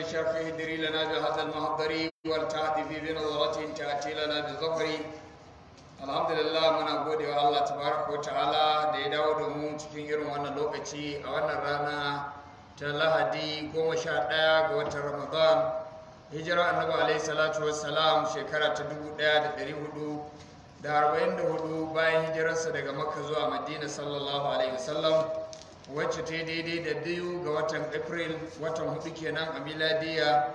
الشافعي ادري لنا بهذا المحضر والتعد في بنظرة تأتي لنا بظفري الحمد لله muna gode Allah tabaraka wa ta'ala da ya dawo da cikin irin wannan lokaci a wannan rana ta Lahadi sha ɗaya ga watan Ramadan hijira annabi shekara ta dubu ɗaya hudu bayan hijirarsa daga zuwa wacce ta daidai da biyu ga watan april watan hudu kenan a miladiya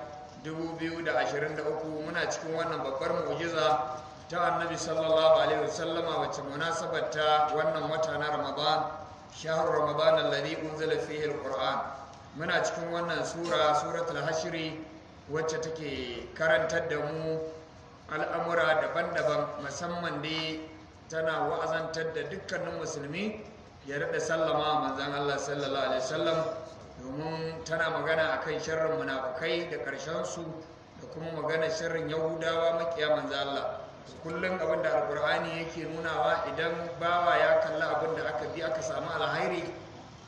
2023 muna cikin wannan babbar mu'jiza ta annabi sallallahu alaihi wasallama wacce munasabar ta wannan wata na ramadan shahar ramadan alladhi unzila fihi alquran muna cikin wannan sura suratul hashri wacce take karantar da mu al'amura daban-daban musamman dai tana wa'azantar da dukkanin musulmi ya rada sallama manzan Allah sallallahu alaihi wasallam domin tana magana akan shirin munafukai da ƙarshen su da kuma magana shirin yahudawa makiya manzan Allah kullum abin da alkur'ani yake nunawa idan bawa ya kalla abinda aka bi aka samu alhairi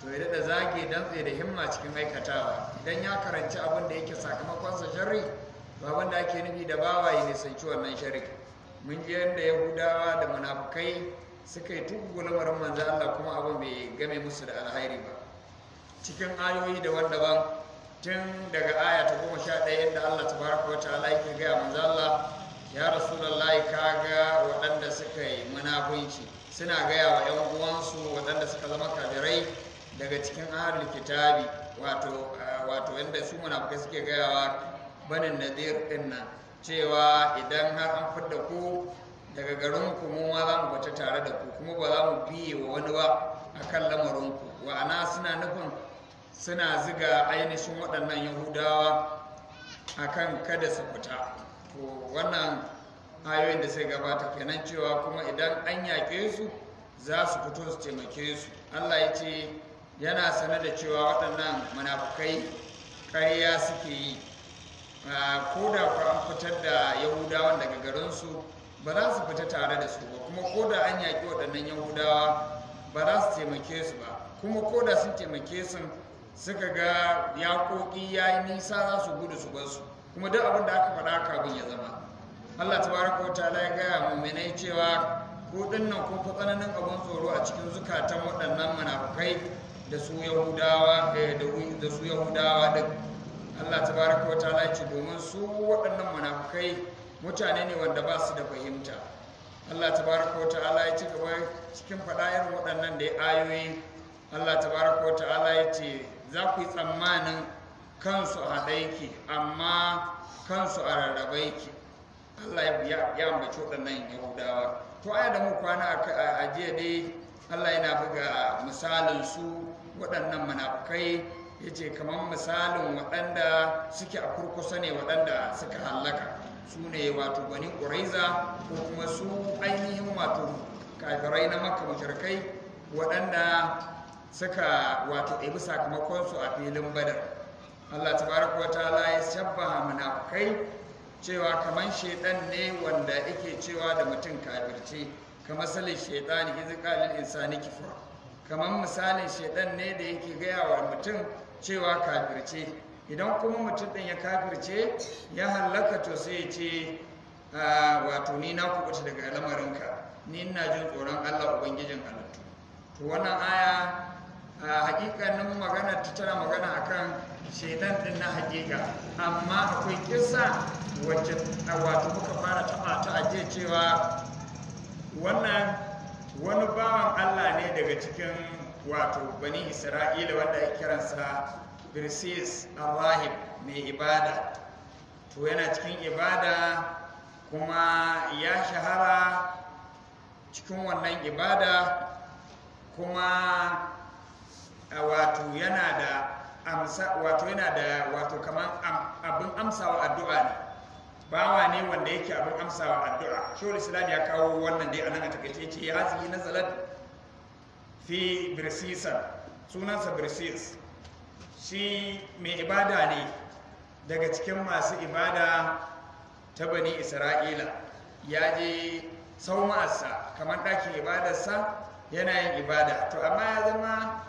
to ya da zage dantse da himma cikin aikatawa idan ya karanci abinda da yake sakamakonsa sharri ba da ake nufi da bawa ya sanci wannan shari mun ji yadda yahudawa da munafukai suka yi tubu lamarin manzo Allah kuma abin bai game musu da alhairi ba cikin ayoyi daban-daban tun daga aya ta goma sha ɗaya inda Allah ta tabaraka wa ta'ala yake gaya manzo Allah ya rasulullahi kaga waɗanda suka yi munafunci suna gaya wa 'yan uwansu waɗanda suka zama kafirai daga cikin ahlul kitabi wato eh, wato yanda su munafukai suke gayawa banin nadir din nan cewa idan har an fidda ku daga garin ku ma za mu bace tare da ku kuma ba za mu biye wa wani ba kan lamarin ku wa'ana suna nufin suna ziga ainihin waɗannan yahudawa akan kada su fita to wannan ayoyin da sai gabata kenan cewa kuma idan an yaƙe su za su fito su taimake su allah ya ce yana sane da cewa waɗannan munafukai ƙarya suke yi ko da ku an fitar da yahudawan daga garinsu ba za su fita tare da su ba kuma ko da an yaƙi waɗannan yahudawa ba za su taimake su ba kuma ko da sun taimake su suka ga yaƙoƙi ya yi nisa za su gudu su bar su kuma duk abin da aka faɗa aka abin ya zama allah ta baraka wata ya gaya muminai cewa ko dinnan kun fi tsananin abin tsoro a cikin zukatan waɗannan munafukai da su yahudawa eh, da su yahudawa duk allah Ta baraka wata ya ce domin su waɗannan munafukai mutane ne wanda ba su da fahimta Allah ta tabaraka ala ya ci gaba cikin faɗayar waɗannan da ya ayoyi Allah ta tabaraka ala ya ce za ku yi tsammanin kansu a haɗaiki amma kansu a rarrabai ki Allah ya ambaci waɗannan yahudawa to aya da mu kwana a jiya dai Allah yana buga misalin su waɗannan munafukai ya ce kamar misalin waɗanda suke a kurkusa ne waɗanda suka hallaka su ne wato bani ƙuraiza ko kuma su ainihin wato kafirai na maka mashirkai waɗanda suka wato ɗabi sakamakonsu a filin badar allah tabaraka wa ta'ala ya shabbaha munafukai cewa kamar shaidan ne wanda yake cewa da mutum kafirce kamar salin shaidan izi insani kifar kamar misalin shaidan ne da yake gaya wa mutum cewa kafirce idan kuma mutum ɗin ya kafirce ya hallaka to sai ya ce wato ni na kubuta daga lamarinka ni ina jin tsoron allah ubangijin halittu to wannan aya a hakikanin magana ta tana magana akan shaidan din na hakika amma akwai kisa wacce wato muka fara taba ta aje cewa wannan wani bawan allah ne daga cikin wato bani isra'ila wanda ya kiransa birsis arrahim mai ibada to yana cikin ibada kuma ya shahara cikin wannan ibada kuma wato yana da amsa wato yana da wato kamar abin amsawa addu'a ne bawa ne wanda yake abin amsawa addu'a shawar islam ya kawo wannan dai a nan a takaice ce ya hazi na zalat fi birsisan sunansa birsis shi mai ibada ne daga cikin masu ibada ta bani isra'ila ya je ma'asa kamar ɗakin ibadarsa yana yin ibada to amma ya zama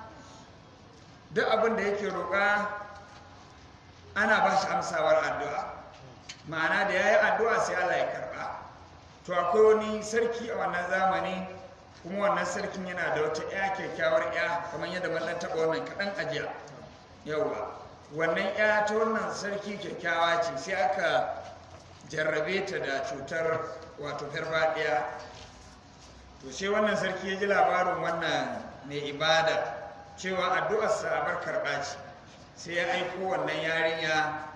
duk abin da yake roƙa ana ba shi amsawar addu'a ma'ana da ya yi addu'a sai allah ya karɓa to akwai wani sarki a wannan zamani kuma wannan sarkin yana da wata 'ya kyakkyawar 'ya kamar yadda mallan taɓa wannan kaɗan ajiya yawa wannan ya ta wannan sarki kyakkyawa ce sai aka jarrabe ta da cutar wato farfadiya to sai wannan sarki ya ji labarin wannan mai ibada cewa addu'arsa abar karɓa ce sai ya aiko wannan yarinya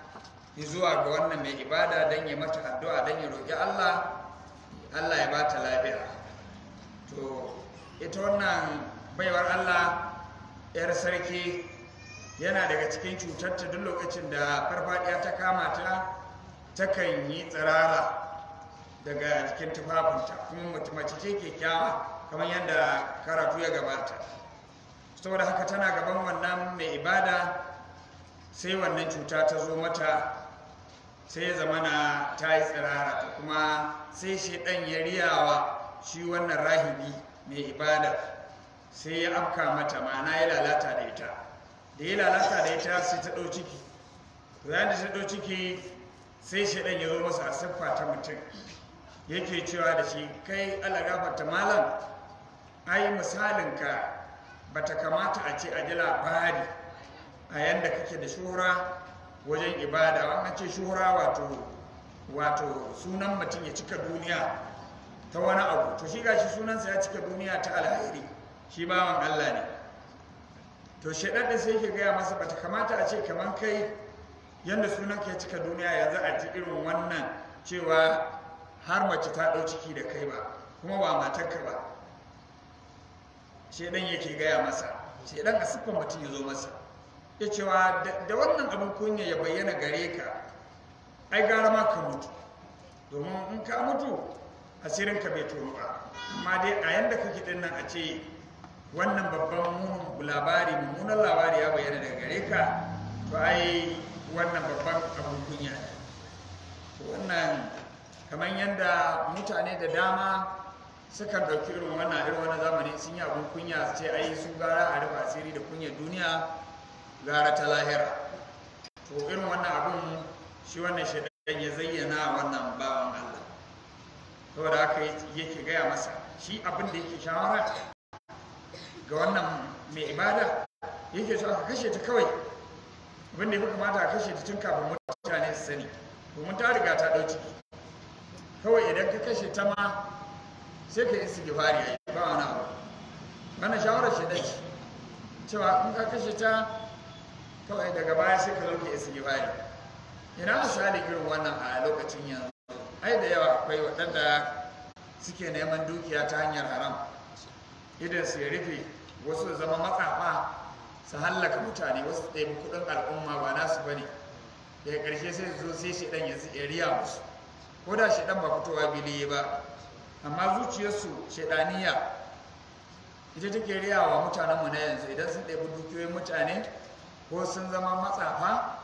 zuwa ga wannan mai ibada don ya mata addu'a don ya roƙi Allah Allah ya bata lafiya to ita wannan baiwar Allah 'yar sarki yana daga cikin cutar ta duk lokacin da farfadiya ta kama ta takan yi tsirara daga jikin tufafinta kuma mutum ce kyakkyawa kamar yadda karatu ya gabata saboda haka tana gaban wannan mai ibada sai wannan cuta ta zo mata sai ya zamana ta yi tsirara kuma sai dan ya riyawa shi wannan rahibi mai ibada sai ya afka mata ma'ana ya lalata da ita da ya lalata da ya sai ta ɗau ciki bayan da ta ɗau ciki sai shaɗan ya zo masa a siffa ta mutum yake cewa da shi kai ta malam ai misalinka ba ta kamata a ce a ji labari a yadda kake da shura wajen ibada an ce shura wato wato sunan mutum ya cika duniya ta wani abu to shi ga shi sunansa ya cika duniya ta alhairi shi bawan allah ne to shaidar da sai ke gaya masa bata kamata a ce kaman kai yadda sunan ka ya cika duniya yanzu a ji irin wannan cewa har mace ta ɗau ciki da kai ba kuma ba matarka ba shaidan yake gaya masa shaidan a siffar mutum ya zo masa ya cewa da wannan abin kunya ya bayyana gare ka ai gara ma ka mutu domin in ka mutu asirinka bai tono ba amma dai a yanda kake ɗin nan a ce wannan babban labari mummunan labari ya bayyana daga gare ka to ai wannan babban abin kunya wannan kamar yadda mutane da dama suka ɗauki irin wannan irin wani zamani sun yi abun kunya su ce ai su gara a rufe asiri da kunya duniya gara ta lahira to irin wannan abun shi wannan shaidan ya zayyana wannan bawan Allah saboda haka yake gaya masa shi abin da yake shawara ga wannan mai ibada yake so aka kashe ta kawai abinda ya fi kamata a kashe ta tun kafin mutane su sani domin ta riga ta ɗau kawai idan ka kashe ta ma sai ka yi gifari a yi ba wani abu wannan shawarar shi dace cewa in ka kashe ta kawai daga baya sai ka lauke gifari ina misali irin wannan a lokacin yanzu ai da yawa akwai waɗanda suke neman dukiya ta hanyar haram idan su ya rufe wasu zama matsafa su hallaka mutane wasu ɗaya kuɗin al'umma ba nasu ba ne daga ƙarshe sai zo sai shi ɗan ya riya musu ko da shi ɗan ba fitowa biliye ba amma zuciyarsu shaɗaniya ita take riya wa mutanenmu na yanzu idan sun ɗaya dukiyoyin mutane ko sun zama matsafa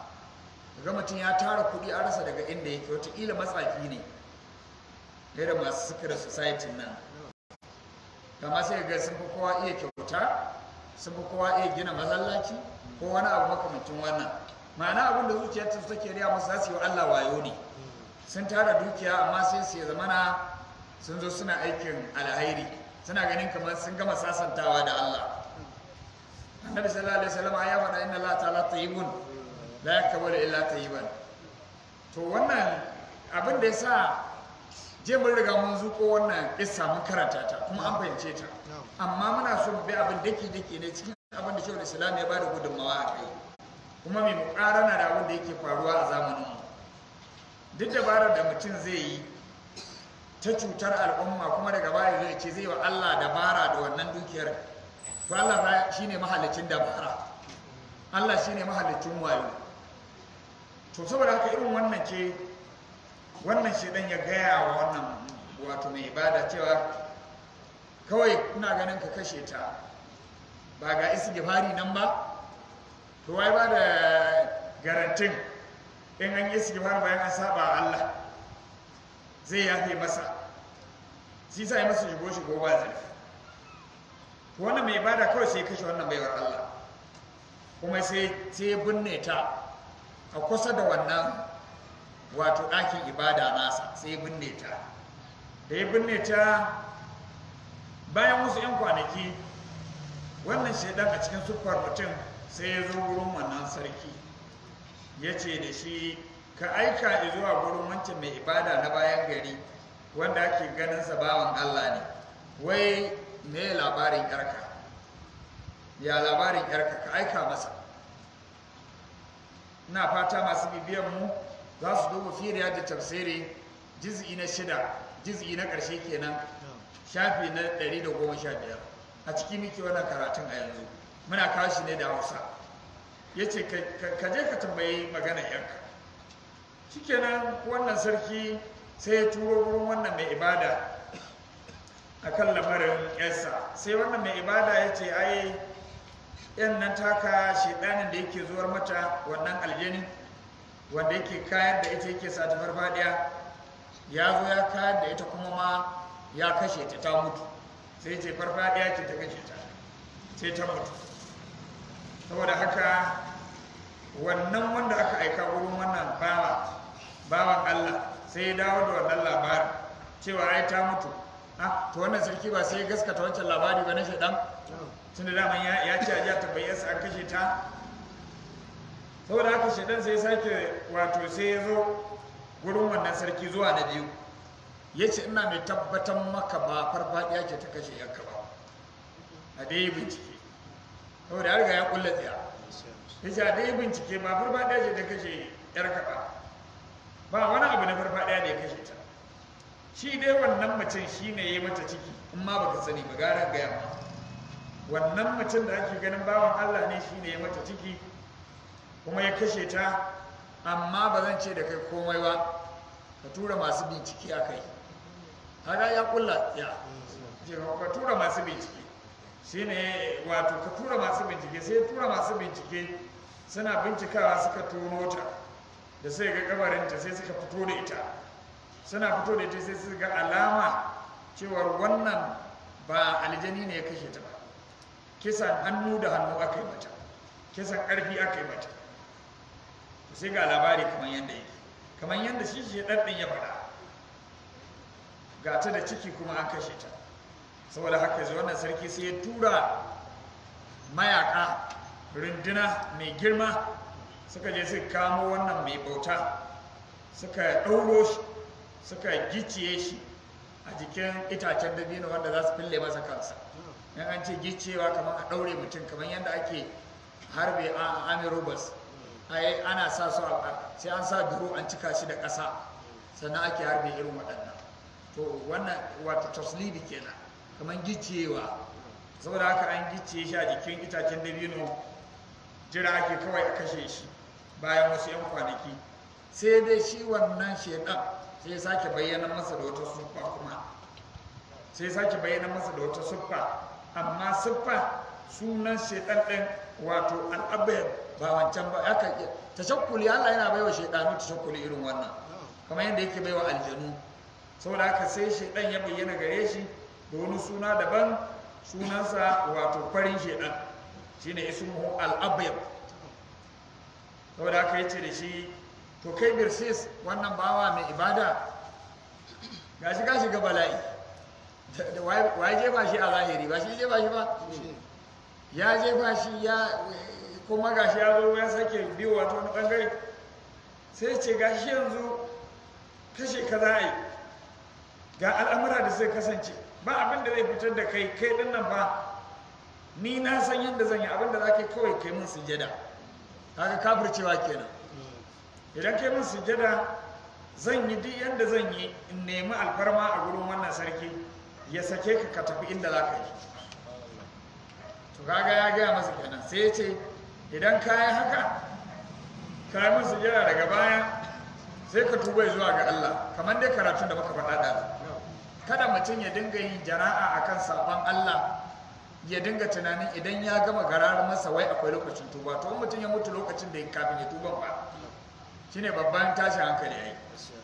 ga mutum ya tara kuɗi a rasa daga inda yake wataƙila matsafi ne irin masu sukira society nan kama sai ga sun fi kowa iya kyau sun fi kowa iya gina masallaci ko wani abu makamancin wannan ma'ana abin da zuciyar ta take riya masu zasu yi wa Allah wayo ne sun tara dukiya amma sai su ya zamana sun zo suna aikin alhairi suna ganin kamar sun gama sasantawa da Allah annabi sallallahu alaihi wasallam ya faɗa inna Allah ta'ala tayyibun la yakbalu illa tayyiban to wannan abin da yasa je mun riga mun zuko wannan kissa mun karanta ta kuma an fahimce ta amma muna so mu bi abin daki daki ne cikin abin da shehul islam ya bada gudunmawa a kai kuma mai na da abin da yake faruwa a zamanin mu duk dabarar da mutum zai yi ta cutar al'umma kuma daga baya zai ce zai wa Allah dabara da wannan dukiyar to Allah shine mahallicin dabara Allah shine mahallicin wayo to saboda haka irin wannan ce wannan shedan ya gaya wa wannan wato mai ibada cewa kawai kuna ganin ka kashe ta ba ga istighfari nan ba to wai ba da garantin in an istighfar bayan an saba Allah zai yafe masa shi sai masa shigo shigo ba zai to wannan mai ibada kawai sai kashe wannan baiwar Allah kuma sai sai binne ta a kusa da wannan wato ɗakin ibada nasa sai binne ta da ya binne ta bayan wasu 'yan kwanaki wannan shaidan a cikin sufar mutum sai ya zo wurin wannan sarki ya ce da shi ka aika zuwa wurin wancan mai ibada na bayan gari wanda ake ganin sa Allah ne wai me labarin yarka ya labarin yarka ka aika masa ina fata masu bibiyan mu za su duba firiya da tafsiri jiz'i na shida jiz'i na ƙarshe kenan shafi na 115 a ciki muke wannan karatun a yanzu muna kashi ne da hausa ya ce ka je ka tambayi magana yanka kenan wannan sarki sai ya turo wurin wannan mai ibada a kan lamarin yarsa sai wannan mai ibada ya ce ai yan nan taka shedanin da yake zuwar mata wannan aljanin wanda yake kayar da ita yake sa ta farfadiya ya zo ya kayar da ita kuma ma ya kashe ta ta mutu sai ce farfadiya ce ta kashe ta sai ta mutu saboda haka wannan wanda aka aika wurin wannan bawa bawan Allah sai ya dawo da wannan labarin cewa ai ta mutu ha ah, to wannan sarki ba sai ya gaskata wancan labari ba na shaidan tunda daman ya ce a jiya tabbayarsa an kashe ta saboda haka shaidan sai sake wato sai ya zo gurin wannan sarki zuwa na biyu ya ce ina mai tabbatar maka ba farfaɗiya ke ta kashe yan ba a dai bincike saboda harga ya kulla tsaya ya ce a dai bincike ba farfaɗiya ce ta kashe yarka ba ba wani abu na farfaɗiya da ya kashe ta shi dai wannan mutum shi ne ya yi mata ciki in ma baka sani ba gara gaya yamma wannan mutum da ake ganin bawan allah ne shi ne ya mata ciki kuma ya kashe ta amma ba zan ce da kai komai ba ka tura masu bincike a kai hada ya kulla ya ka tura masu bincike shi ne wato ka tura masu bincike sai tura masu bincike suna bincikawa suka tono ta da sai ga ta sai suka fito da ita suna fito da ita sai su ga alama cewar wannan ba aljani ne ya kashe ta ba kisan hannu da hannu aka yi mata kisan ƙarfi aka yi mata sai ga labari kamar yadda yake kamar yadda shi shi ɗaɗɗin ya faɗa ga ta da ciki kuma an kashe ta saboda haka zai wannan sarki sai ya tura mayaka runduna mai girma suka je suka kamo wannan mai bauta suka ɗauro shi suka gicciye shi a jikin itacen dabino wanda za su fille masa kansa yan an ce gicewa kamar a ɗaure mutum kamar yadda ake harbe a amirobas ai ana sa su sai an sa duro an cika shi da ƙasa sannan ake harbe irin waɗannan to wannan wata taslibi kenan kamar gicciyewa saboda haka an gice shi a jikin itacen dabino jira ake kawai a kashe shi bayan wasu 'yan kwanaki sai dai shi wannan shaidan sai ya sake bayyana masa da wata siffa kuma sai ya sake bayyana masa da wata siffa amma siffa sunan shaidan ɗin wato al'abayar ba wancan ba haka tashakkuli Allah yana baiwa shaytanu tashakkuli irin wannan kamar yadda yake baiwa aljanu saboda haka sai shaytan ya bayyana gare shi da wani suna daban sunansa wato farin shaytan shine ismuhu al-abyad saboda haka yace da shi to kai birsis wannan bawa mai ibada gashi ka shiga bala'i da waye ba shi a zahiri ba shi je ba shi ba ya jefa shi ya kuma gashi ya zo ya sake biyu wato na bangare sai ce gashi yanzu kashe ka za a yi ga al'amura da zai kasance ba abin da zai fitar da kai kai din nan ba ni na san yadda zan yi abin da za ka kawai kai min sujada kaga cewa kenan idan kai min sujada zan yi duk yadda zan yi in nemi alfarma a gurin wannan sarki ya sake ka ka tafi inda za ka yi to kaga ya gaya masa kenan sai ya ce idan ka yi haka ka yi musu jira daga baya sai ka tuba zuwa ga Allah kamar dai karatun da baka faɗa da kada mutum ya dinga yin jara'a akan sabon Allah ya dinga tunanin idan ya gama gararar masa wai akwai lokacin tuba to mutum ya mutu lokacin da ya kafin ya tuba ba ne babban tashin hankali ya yi.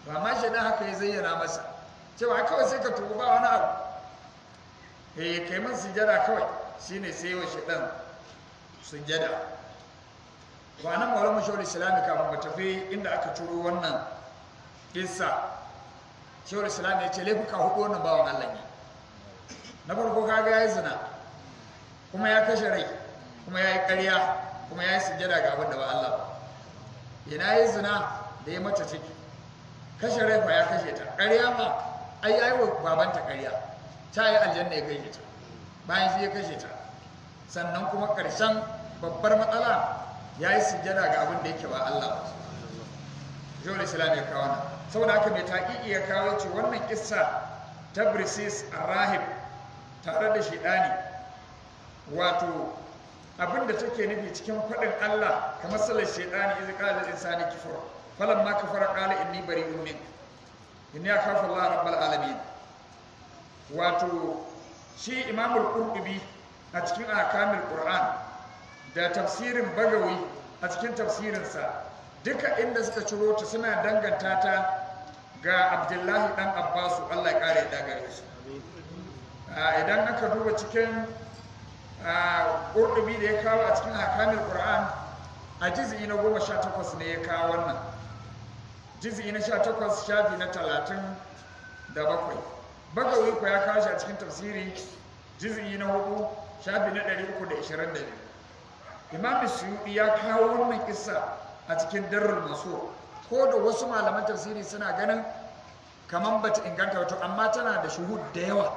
ba ma shi haka ya zayyana masa cewa kawai sai ka tuba ba wani abu eh kai min sujada kawai shine sai wa ɗan sujada ba nan wani shawar islami kafin ba tafi inda aka turo wannan kissa shawar islami ya ce laifuka hudu wannan ba allah allani na farko kaga ya yi zina kuma ya kashe rai kuma ya yi karya kuma ya yi sujjada ga abin da ba allah yana yi zina da ya mata ciki kashe rai ba ya kashe ta karya ma ai ai wa babanta karya ta yi aljanna ya kashe ta bayan shi ya kashe ta sannan kuma karshen babbar matsala ya yi sujjada ga abin da yake ba Allah ba jihar islam ya kawo na saboda haka mai taƙiƙi ya kawo ce wannan kisa ta brisis rahib tare da shidani wato abin da take nufi cikin kwaɗin Allah kamar salar shidani izi ƙalar insani kifar falon ma ka fara ƙalar inni bari umin inni ya kafa Allah rabbal alami wato shi imamul qurtubi a cikin akamil qur'an da tafsirin bagawi a cikin tafsirinsa duka inda suka ciro ta suna danganta ta ga abdullahi dan abbasu allah ya kare daga gare idan aka duba cikin ƙurɗubi da ya kawo a cikin hakamin ƙur'an a jizi na goma sha takwas ne ya kawo wannan jizi na sha takwas shafi na talatin da bakwai bagawi ko ya kawo shi a cikin tafsiri jizi na hudu shafi na ɗari uku da ishirin da biyu imam suyudi ya kawo wannan kissa a cikin darrul maso ko da wasu malaman tafsiri suna ganin kaman bata inganta wato amma tana da shuhud da yawa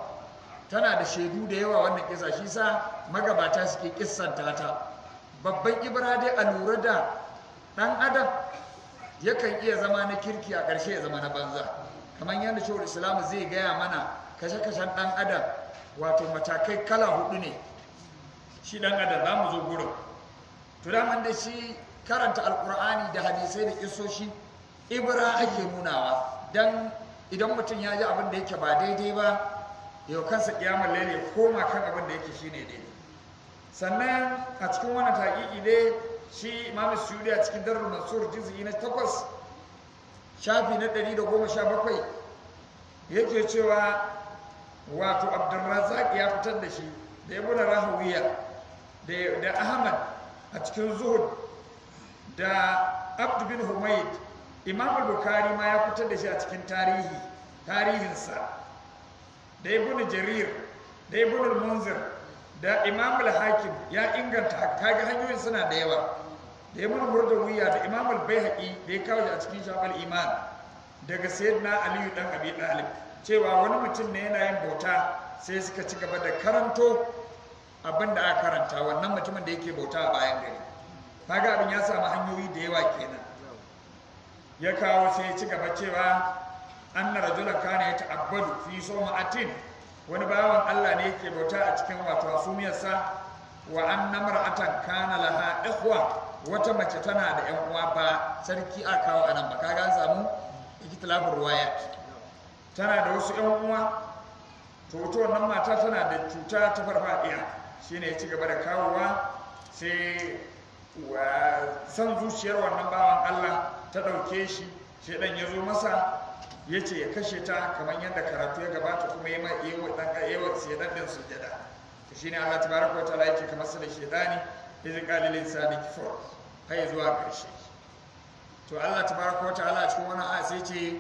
tana da shaidu da yawa wannan kissa shi sa magabata suke kissan ta babban ibra dai a lura da dan adam yakan iya zama na kirki a ƙarshe ya zama na banza kamar yadda shi islamu zai gaya mana kashe-kashen ɗan adam wato matakai kala hudu ne shi ɗan adam za mu zo gurin to da shi karanta alkur'ani da hadisai da isoshi ibra ake nunawa dan idan mutum ya ji abin da yake ba daidai ba yau kansa kiyamar lele koma kan abin da yake shine daidai sannan a cikin wannan taƙiƙi dai shi imam suyudi a cikin darul mansur juz'i na takwas shafi na ɗari da goma sha 117 yake cewa wato abdurrazzaq ya fitar da shi da ibn rahawiya da ahmad a cikin zuhud da Abdu bin humaid imam al-bukhari ma ya fitar da shi a cikin tarihi tarihinsa da ibn jarir da ibn munzir da imam al-hakim ya inganta kage hanyoyin suna da yawa da ibn murdawiya da imam al-baihaqi da ya kawo a cikin shafal iman daga sayyidina aliyu dan abi talib cewa wani mutum ne yana yin bauta sai suka ci gaba da karanto abin da aka karanta wannan mutumin da yake bauta a bayan gari kaga abin ya samu hanyoyi da yawa kenan ya kawo sai ya ci gaba cewa anna rajula kana ya ta'abbadu fi atin wani bawan Allah ne yake bauta a cikin wato asumiyarsa wa anna mar'atan kana laha ikhwa wata mace tana da yan uwa ba sarki a kawo anan ba kaga an samu ikitilafin ruwaya tana da wasu yan uwa to wannan mata tana da cuta ta farfadiya shine ya ci gaba da kawowa sai san zuciyar wannan bawan Allah ta ɗauke shi shaidan ya zo masa ya ce ya kashe ta kamar yadda karatu ya gabata kuma ya mai yawa dan yawa dan din jada to shine Allah tabaraka wa ta'ala yake kamar sai da shaidani idan qalilin sadiq fur kai zuwa karshe to Allah tabaraka wa ta'ala cikin wani aya sai ce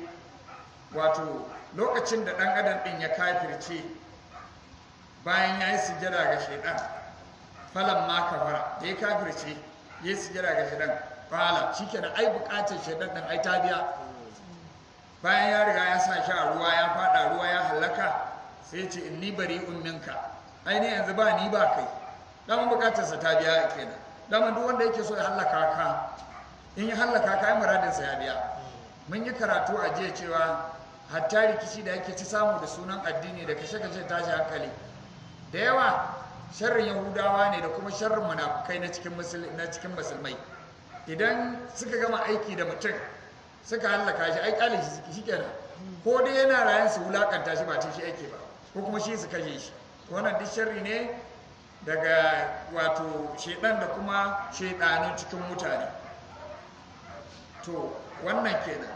wato lokacin da dan adam din ya kafirce bayan ya yi sujjada ga shaidan falan ma fara. da ya kafirce ya yi sujjada ga shaidan fala shi ke da ai bukatar shaidan din ai ta biya bayan ya riga ya sa shi a ruwa ya fada ruwa ya halaka sai ce in ni bari umminka ai ne yanzu ba ni ba kai dan sa ta biya kenan dan duk wanda yake so ya halaka ka in ya halaka ka ai muradinsa ya biya mun yi karatu a jiya cewa hatta rikici da yake ci samu da sunan addini da kashe-kashe tashi hankali da yawa sharrin yahudawa ne da kuma sharrin munafukai na cikin na musulmai idan suka gama aiki da mutum suka hallaka shi ai kalin shi kenan ko dai yana rayan su wulakanta shi ba ta shi aiki ba ko kuma shi su kashe shi wannan duk sharri ne daga wato shedan da kuma shedanin cikin mutane to wannan kenan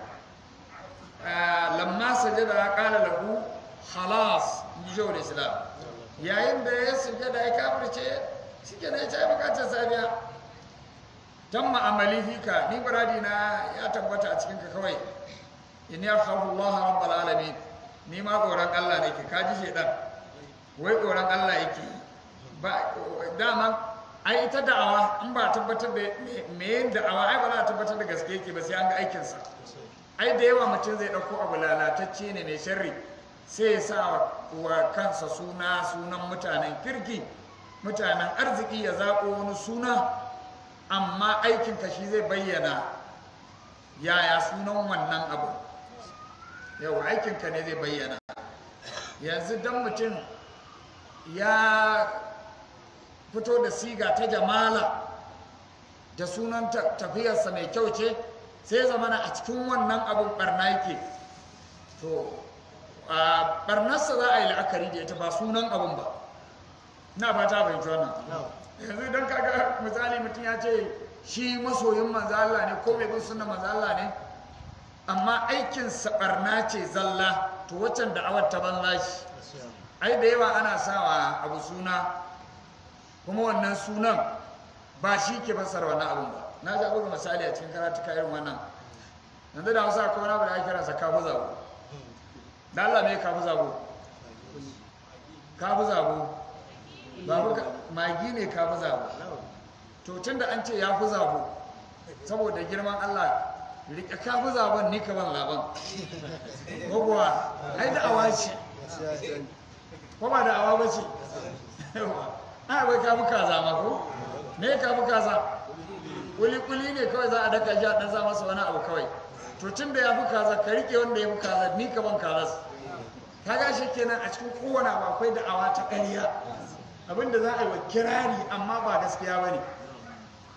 ah, lamma sajada qala lahu khalas ni jawal islam yayin da ya da ya kafirce shi ke ya ci bukatar sabiya don ma'amali fika ni buradi na ya tabbata a cikinka kawai in ya khafu Allah rabbal alamin ni ma tsoron Allah ke kaji shedan wai tsoron Allah yake ba dama ai ita da'awa in ba tabbatar da me da'awa ai ba za a tabbatar da gaske yake ba sai an ga aikinsa ai da yawa mutum zai ɗauko abu lalatacce ne mai sharri sai ya sa wa kansa suna sunan mutanen kirki mutanen arziki ya zaɓo wani suna amma aikinka shi zai bayyana yaya sunan wannan abu yau aikinka ne zai bayyana yanzu don mutum ya fito da siga ta jamala da sunan tafiyarsa mai kyau ce sai zamana a cikin wannan abin barna yake to a barnarsa za a yi la'akari da ita ba sunan abin ba na ta fahimci wannan yanzu don kaga misali mutum ya ce shi masoyin manzo ne ko mai bin sunan manzo ne amma aikin barna ce zalla to waccan awar ta ban lashi. ai da yawa ana sawa abu suna kuma wannan sunan ba shi ke fasar wani abin ba na ga misali a cikin karatuka irin wannan yanzu da hausa akwai wani abu da ake kira sa kafa zabo da Allah mai kafi zago kafi zago babu magi ne kafi zago to tun da an ce ya fi zago saboda girman Allah rike kafi zagon ni kaban laban gwagwa ai da awa ce ko ba da awa ba ce a akwai kafi kaza mako? ko me kafi kaza kuli-kuli ne kawai za a daka ji a za masa wani abu kawai to tun da ya fi kaza ka rike wanda ya fi kaza ni ka ban karas ta shi kenan a cikin kowane abu akwai da'awa ta ƙarya abinda za a yi wa kirari amma ba gaskiya ba ne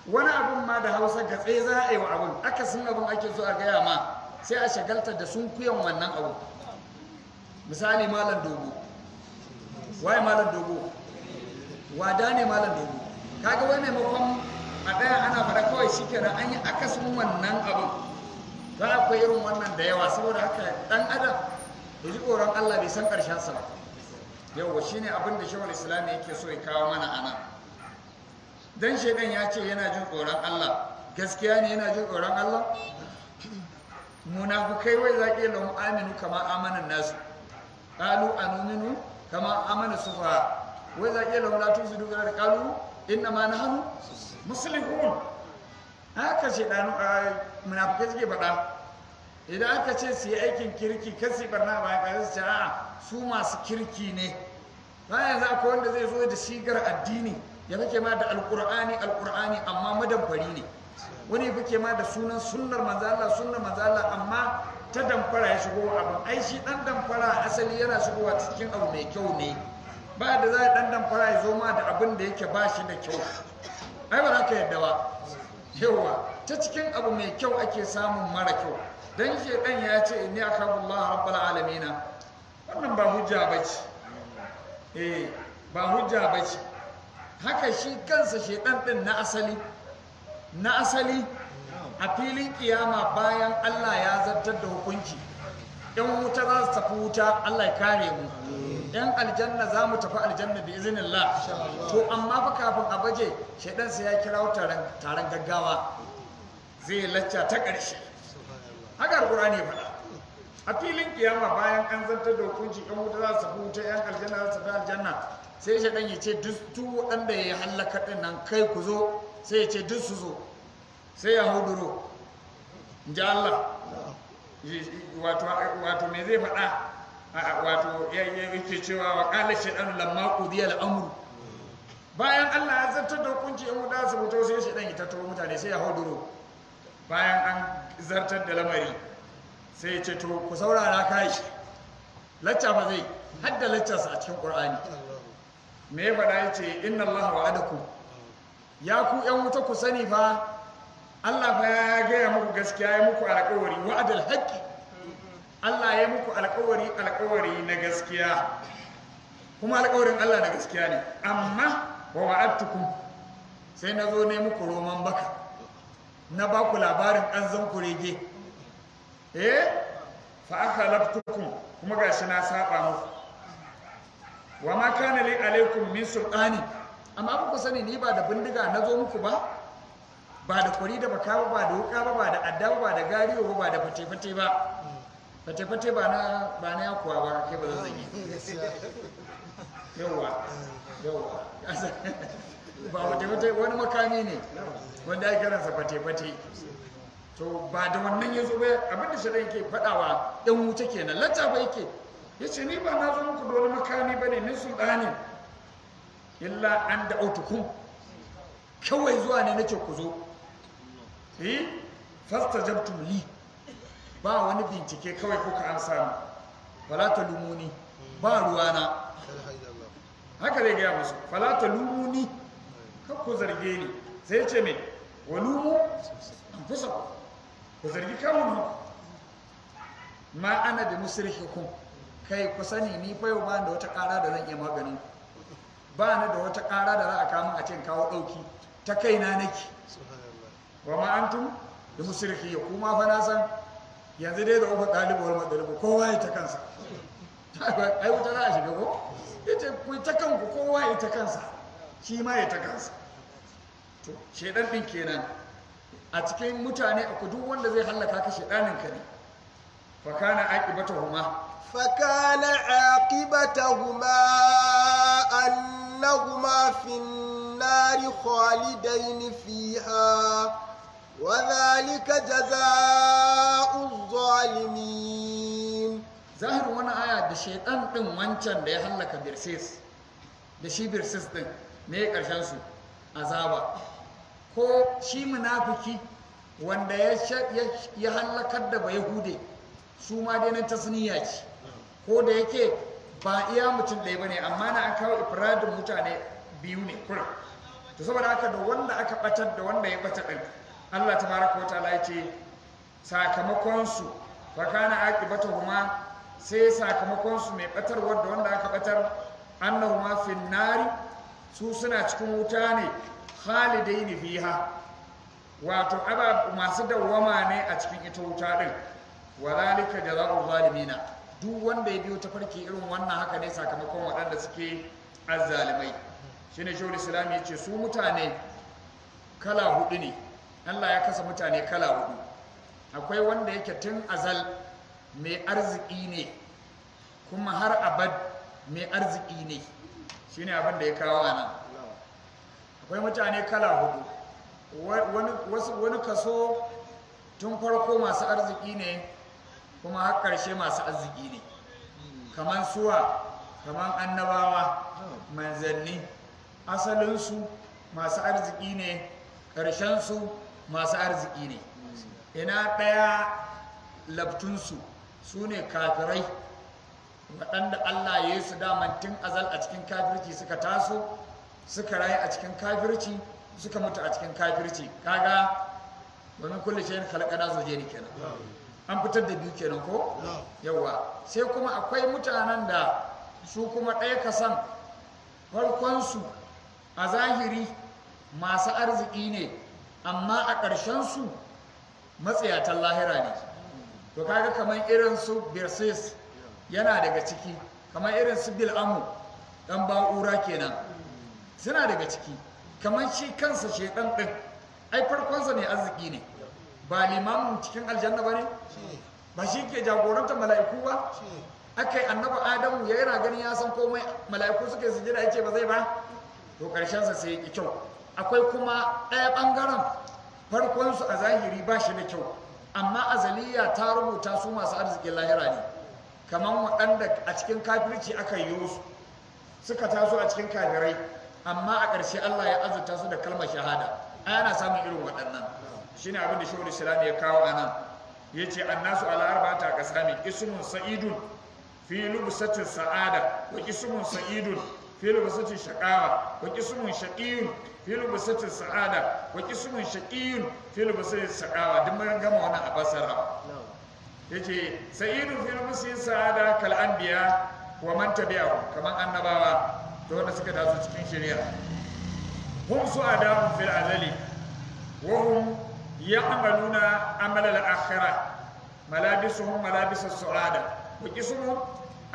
wani abin ma da hausa ga tsaye za a yi wa abin akasin abin ake zuwa a gaya ma sai a shagalta da sun kuyan wannan abu misali malam dogo waye malam dogo wada ne malam dogo kaga wai maimakon a ɗaya ana fara kawai shi kenan an yi akasin wannan abin don akwai irin wannan da yawa saboda haka dan adam da ji tsoron allah bai san karshen sa yawa shi ne abin da shawar islami yake so ya kawo mana ana don shaidan ya ce yana jin tsoron allah gaskiya ne yana jin tsoron allah munafukai wai zaƙi lahum aminu kama amanan nasu Kalu anuminu kama amana sufa wai zaƙi su dogara da Kalu inna ma na hannu? muslimun haka shaidanu a munafukai suke faɗa idan aka ce su yi aikin kirki kasi su barna a bayan ƙasa su ce a su masu kirki ne za yanzu wanda zai zo da shigar addini ya fake ma da alƙur'ani alƙur'ani amma madamfari ne wani fake ma da sunan sunnar manzala sunnar manzala amma ta damfara ya shigo abu ai shi dan damfara asali yana shigowa cikin abu mai kyau ne ba da za a dan damfara ya zo ma da abin da yake ba shi da kyau ai ba za ka yadda ba yawa ta cikin abu mai kyau ake samun mara kyau Don dan ɗan ya ce inni akhafullah rabbul alamina wannan ba hujja ba bace eh ba hujja ba bace haka shi kansa ɗan ɗin na asali na asali a filin kiyama bayan Allah ya zartar da hukunci yan wuta za su tafi wuta Allah ya kare mu yan aljanna za mu tafi aljanna izinin la, to amma fa kafin a baje shaidan sai ya kira taron gaggawa zai lacca ta ƙarshe haka ne faɗa a filin kiyama bayan an zanta da hukunci yan wuta za su huta yan aljanna za su fi aljanna sai shaidan ya ce duk waɗanda ya yi hallaka ɗin nan kai ku zo sai ya ce duk su zo sai ya huduro in ji Allah wato me zai faɗa wato yake cewa wa qala shaytan lamma qudiya al-amru bayan Allah ya zartar da hukunci in da su fito sai shaytan ya tattaro mutane sai ya hauduro bayan an zartar da lamari sai ya ce to ku saurara kai lacca ba zai hadda sa a cikin qur'ani me ya faɗa yace ce inna allaha wa'adakum ya ku yan wuta ku sani fa Allah fa ya gaya muku gaskiya ya muku alƙawari wa'adul haqqi Allah ya muku alkawari alkawari na gaskiya kuma alkawarin Allah na gaskiya ne amma wa wa'adtukum sai na zo ne muku roman baka na ba ku labarin ƙanzan rege eh fa akhalaftukum kuma gashi na saba muku wa ma kana li alaikum min sultani amma ba ku sani ni ba da bindiga na zo muku ba ba da kuri da baka ba da wuka ba ba da addaba ba da gariyo ba ba da fate-fate ba fate-fate ba na yakuwa ba ke ba zan yi yawa yawa ba fate-fate wani makami ne wanda ya karansa fate-fate to ba da wannan ya zo ba abinda shirin yake fadawa ɗan wuce kenan ba yake ya ce ni ba na zo muku da wani makami ba ne nisu ɗanin illa an da autukun kawai zuwa ne nake ku zo eh fasta jabtu li ba wani bincike kawai kuka an samu falata lumuni ba ruwana haka zai gaya musu falata lumuni kakko zarge ne. sai ce mai wa lumu an fusa ku zargi kawunu ma ana da hukum kai ku sani ni fa yau ba da wata kara da zan iya maganin ba na da wata kara da za a kama a cin kawo ɗauki ta kaina nake wa ma'antum da musirhi ya kuma fa na san yanzu dai da ufa ɗalibuwar maɗalibu kowa ya ta kansa ai wuta za a shiga ko ya ce ku ta kanku kowa ya ta kansa shi ma ya ta kansa to shaidan ɗin kenan a cikin mutane a duk wanda zai hallaka ka shaidanin ka ne fakana aƙibata huma fakana aƙibata huma annahuma fin nari khalidaini fiha وذلك جزاء الظالمين ظاهر وانا آية da shaitan din wancan da ya hallaka birsis da shi birsis din ne karshen su azaba ko shi munafuki, wanda ya ya hallakar da bayahude hude suma dai nan tasniya ce ko da yake ba iya mutum ɗaya bane amma na an kawo ifradin mutane biyu ne kurum to saboda haka da wanda aka batar da wanda ya bata ɗin Allah ta wa ta'ala yace sakamakon su fa kana huma sai sakamakonsu mai batar da wanda aka batar annahuma fin nari su suna cikin wuta ne khalidaini fiha wato aba masu dawwama ne a cikin ita wuta din da jazaa'u zalimina duk wanda ya biyo ta farki irin wannan haka ne sakamakon waɗanda suke azzalimai shine shawar islam ya ce su mutane kala hudu ne Allah ya kasa mutane kala hudu akwai wanda yake tun azal mai arziki ne kuma har abad mai arziki ne ne abin da ya kawo nan akwai mutane kala hudu wani kaso tun farko masu arziki ne kuma har ƙarshe masu arziki ne kamar suwa kamar annabawa manzanni asalinsu masu arziki ne su. masu arziki ne ina ɗaya labtunsu su ne kafirai waɗanda Allah ya yi su damantin tun azal a cikin kafirci suka taso suka rayu a cikin kafirci suka mutu a cikin kafirci kaga domin kulle shi halaka na zoje ne kenan an fitar da biyu kenan ko yawa sai kuma akwai mutanen da su kuma ɗaya ka san farkonsu a zahiri masu arziki ne amma a ƙarshensu matsayatan lahira ne to kaga kamar irin su birsis yana daga ciki kamar irin su bil'amu ɗan ba'ura kenan suna daga ciki kamar shi kansa shekan ɗin ai farkonsa ne arziki ne ba limamin cikin aljanna ba ne ba shi ke jagorantar mala'iku ba aka yi annaba adamu ya yi gani ya san komai mala'iku suke yi ya ce ba zai ba to ƙarshensa sai ya ƙi kyau akwai kuma ɗaya ɓangaren farkonsu a zahiri ba shi da kyau amma azaliya ta rubuta su masu arzikin lahira ne kamar waɗanda a cikin kafirci aka yi su suka taso a cikin kafirai amma a ƙarshe Allah ya azurta su da kalmar shahada ana samun irin waɗannan shine abin da shehul islam ya kawo Ya ce, annasu ta ƙasa ne. ismun sa'idun fi lubsatin sa'ada wa ismun sa'idun fi lubsatin shaqawa wa qismun shaqiyun fi lubsatin sa'ada wa qismun shaqiyun fi lubsatin saqawa gama wannan a basara yace Sa'idu fi lubsatin sa'ada kal anbiya wa man tabi'ahu Kamar annabawa to wanda suka taso cikin shari'a hum a fil azali wa hum ya'maluna amala al akhirah malabisuhum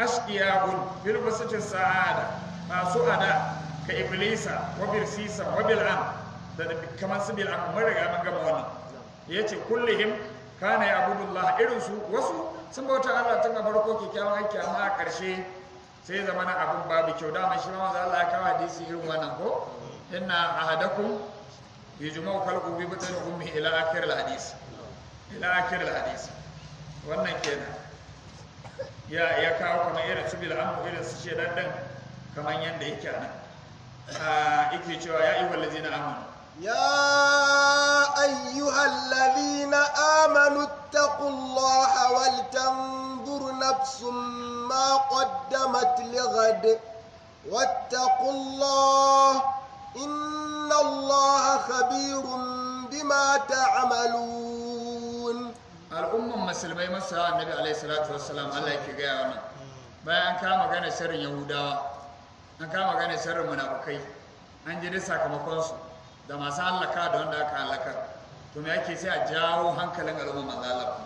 suada saada masu ada ka iblisa wa birsisa wa bil'am da kamar su bil'am mun riga mun gama ce, yace kullihim kana ya abudullah irin su wasu sun bauta Allah tun a farko kyakkyawan aiki amma a karshe sai zama na abun babu kyau dama shi ma manzo Allah ya kawo hadisi irin wannan ko inna ahadakum yujma'u khalquhu bi batni ummi ila akhir al-hadis ila akhir al-hadis wannan kenan ya ya kawo kuma irin su bil irin su shedan dan كما يندي كان اكتشوا يا ايها الذين امنوا يا ايها الذين امنوا اتقوا الله ولتنظر نفس ما قدمت لغد واتقوا الله ان الله خبير بما تعملون الامم المسلمه مسا النبي عليه الصلاه والسلام الله يكرمه بيان كان مغنى سر يهودا an kama gane sharrin munafukai an ji duk sakamakonsu da masu hallaka da wanda aka hallaka to me ake sai a jawo hankalin al'umma manzo Allah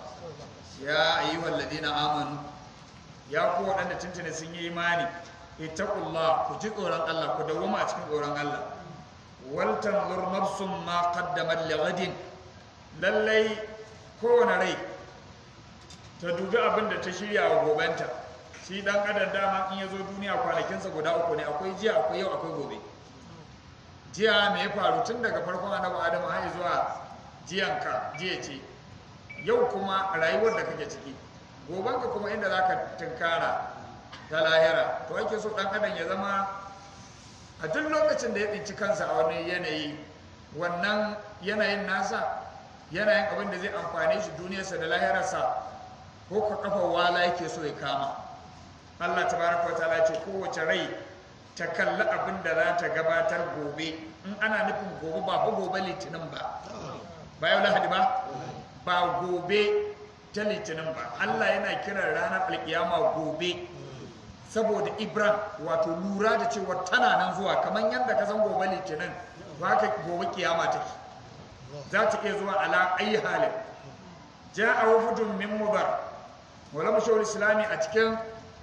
ya wallade ladina amanu ya ku waɗanda tuntune sun yi imani ittaqullah ku ji tsoron Allah ku dawoma a cikin tsoron Allah wal tanzur nafsum ma qaddamat li lallai kowane rai ta dubi abin da ta shirya wa gobanta shi dan adam dama in ya zo duniya kwanakinsa guda uku ne akwai jiya akwai yau akwai gobe jiya me ya faru tun daga farkon annabi adam har zuwa jiyanka jiya ce yau kuma rayuwar da kake ciki ka kuma inda zaka ka tunkara ta lahira to ake so dan adam ya zama a duk lokacin da ya tsinci kansa a wani yanayi wannan yanayin nasa yanayin abin da zai amfane shi duniyarsa da lahirarsa ko ka kafa wala yake so ya kama Allah tabaraka wa ta'ala ce kowace rai ta kalli abin da za ta gabatar gobe in ana nufin gobe ba ba gobe litinin ba ba yau lahadi ba ba gobe ta litinin ba Allah yana kiran ranar alkiyama gobe saboda ibra wato lura da cewa tana nan zuwa kamar yadda ka san gobe litinin ba ka gobe kiyama take za ta iya zuwa ala ayi halin ja a wufudun min mubar wala mashawar islami a cikin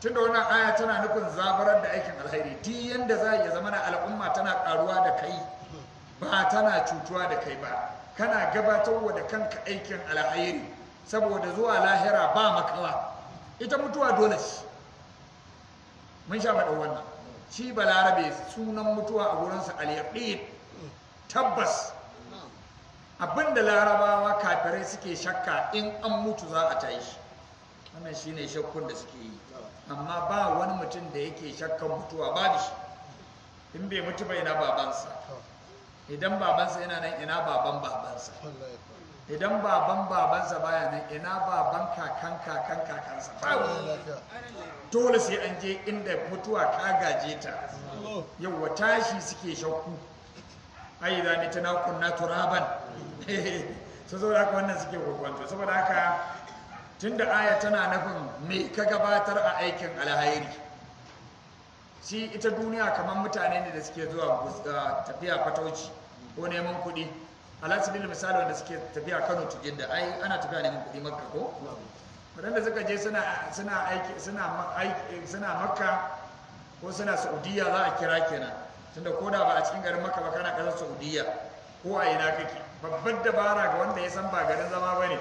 Tun da wannan aya tana nufin zabarar da aikin alkhairi ti yanda za ya zama na al'umma tana karuwa da kai ba tana cutuwa da kai ba kana gabatar wa da kanka aikin alkhairi saboda zuwa lahira ba makawa ita mutuwa dole shi mun sha faɗin wannan shi balarabe sunan mutuwa a gurinsa al tabbas abinda larabawa kafirai suke shakka in an mutu za a tashi wannan shi ne shakkun da suke yi amma ba wani mutum da yake shakkan mutuwa da shi in bai mutu ba ina babansa idan babansa yana nan ina baban babansa idan baban babansa baya nan ina baban kakan kakan kakansa dole sai an je inda mutuwa ka gaje ta yawa tashi suke shakku ai za ta na kunna turaban su zo da wannan suke kokwanto saboda haka tunda aya tana nufin me ka gabatar a aikin alhairi shi ita duniya kamar mutane ne da suke zuwa uh, tafiya fatauci ko neman kuɗi alasibil misali wanda suke tafiya kano tujin da ai ana tafiya neman kuɗi makka ko wadanda suka je suna makka ko suna saudiya za a kira kenan tunda ko da ba a cikin garin makka ba kana kasar saudiya ko a ina kake babbar dabara ga wanda ya san ba garin zama ba ne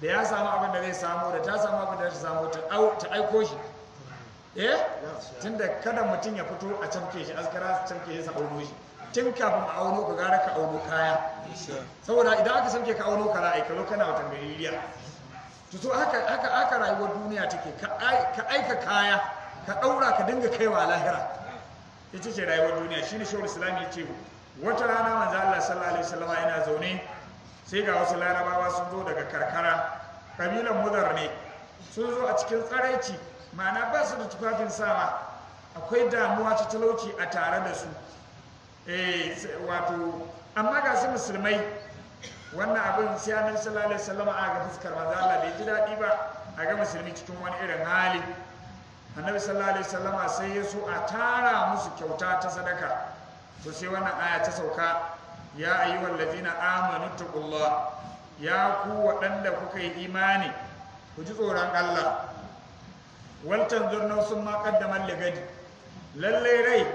da ya samu abin da zai samu da ta samu abin da zai samu ta aiko shi eh tun da kada mutum ya fito a camke shi azkara su camke shi sa auno shi tun kafin a auno ka gara ka auno kaya saboda idan aka samke ka auno kana aikalo kana wata miliyar to haka haka haka rayuwar duniya take ka aika kaya ka daura ka dinga kaiwa lahira ita ce rayuwar duniya shine shehu islam ya ce wata rana manzo Allah sallallahu alaihi wasallam yana zaune sai ga wasu larabawa sun zo daga karkara kabilan mudar ne sun zo a cikin tsaraici ma'ana ba su da tufafin sama akwai damuwa ta talauci a tare da su eh, wato amma ga su musulmai wannan abin sai annabi sallallahu alaihi wasallam a ga fuskar manzo Allah bai ji daɗi ba a ga musulmi cikin wani irin hali annabi sallallahu alaihi wasallam sai ya so a tara musu kyauta ta sadaka to sai wannan aya ta sauka ya ayyuhallazina amanu taqullah ya ku waɗanda kuka yi imani ku ji tsoron Allah waltan zurna sun ma kaddamar ligadi lallai rai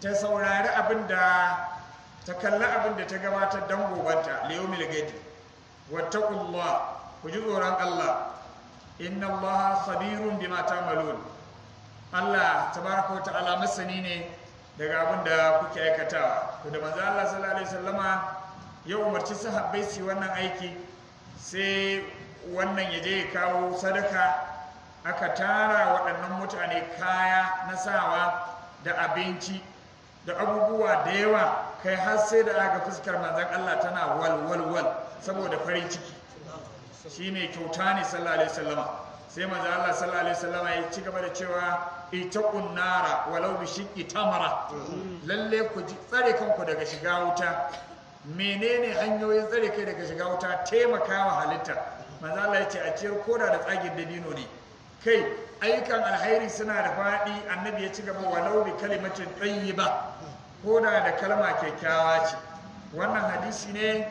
ta saurari abin ta kalla abinda ta gabatar dan gobanta liyomi ligadi wattakullah ku ji tsoron Allah inna Allah sabirun bima ta'malun Allah tabaraka wa ta'ala masani ne daga abinda kuke aikatawa to da manzo Allah sallallahu alaihi wasallama ya umarci sahabbai su wannan aiki sai wannan ya je ya kawo sadaka aka tara waɗannan mutane kaya na sawa da abinci da abubuwa da yawa kai har sai da aka fuskar manzan Allah tana walwalwal saboda farin ciki Shi ne kyauta ne sallallahu alaihi sai manzan Allah sallallahu alaihi wasallama ya ci gaba da cewa ita nara walau bi shiqqi tamara mm-hmm. lalle ku ji tsare kanku daga shiga wuta menene hanyoyin tsare kai daga shiga wuta taimaka wa halitta manzala ya ce a ciyar koda da tsagin dabino ne kai ayyukan alhairi suna da faɗi annabi ya ci gaba walau bi kalimatin ba. koda da kalma kyakkyawa ce wannan hadisi ne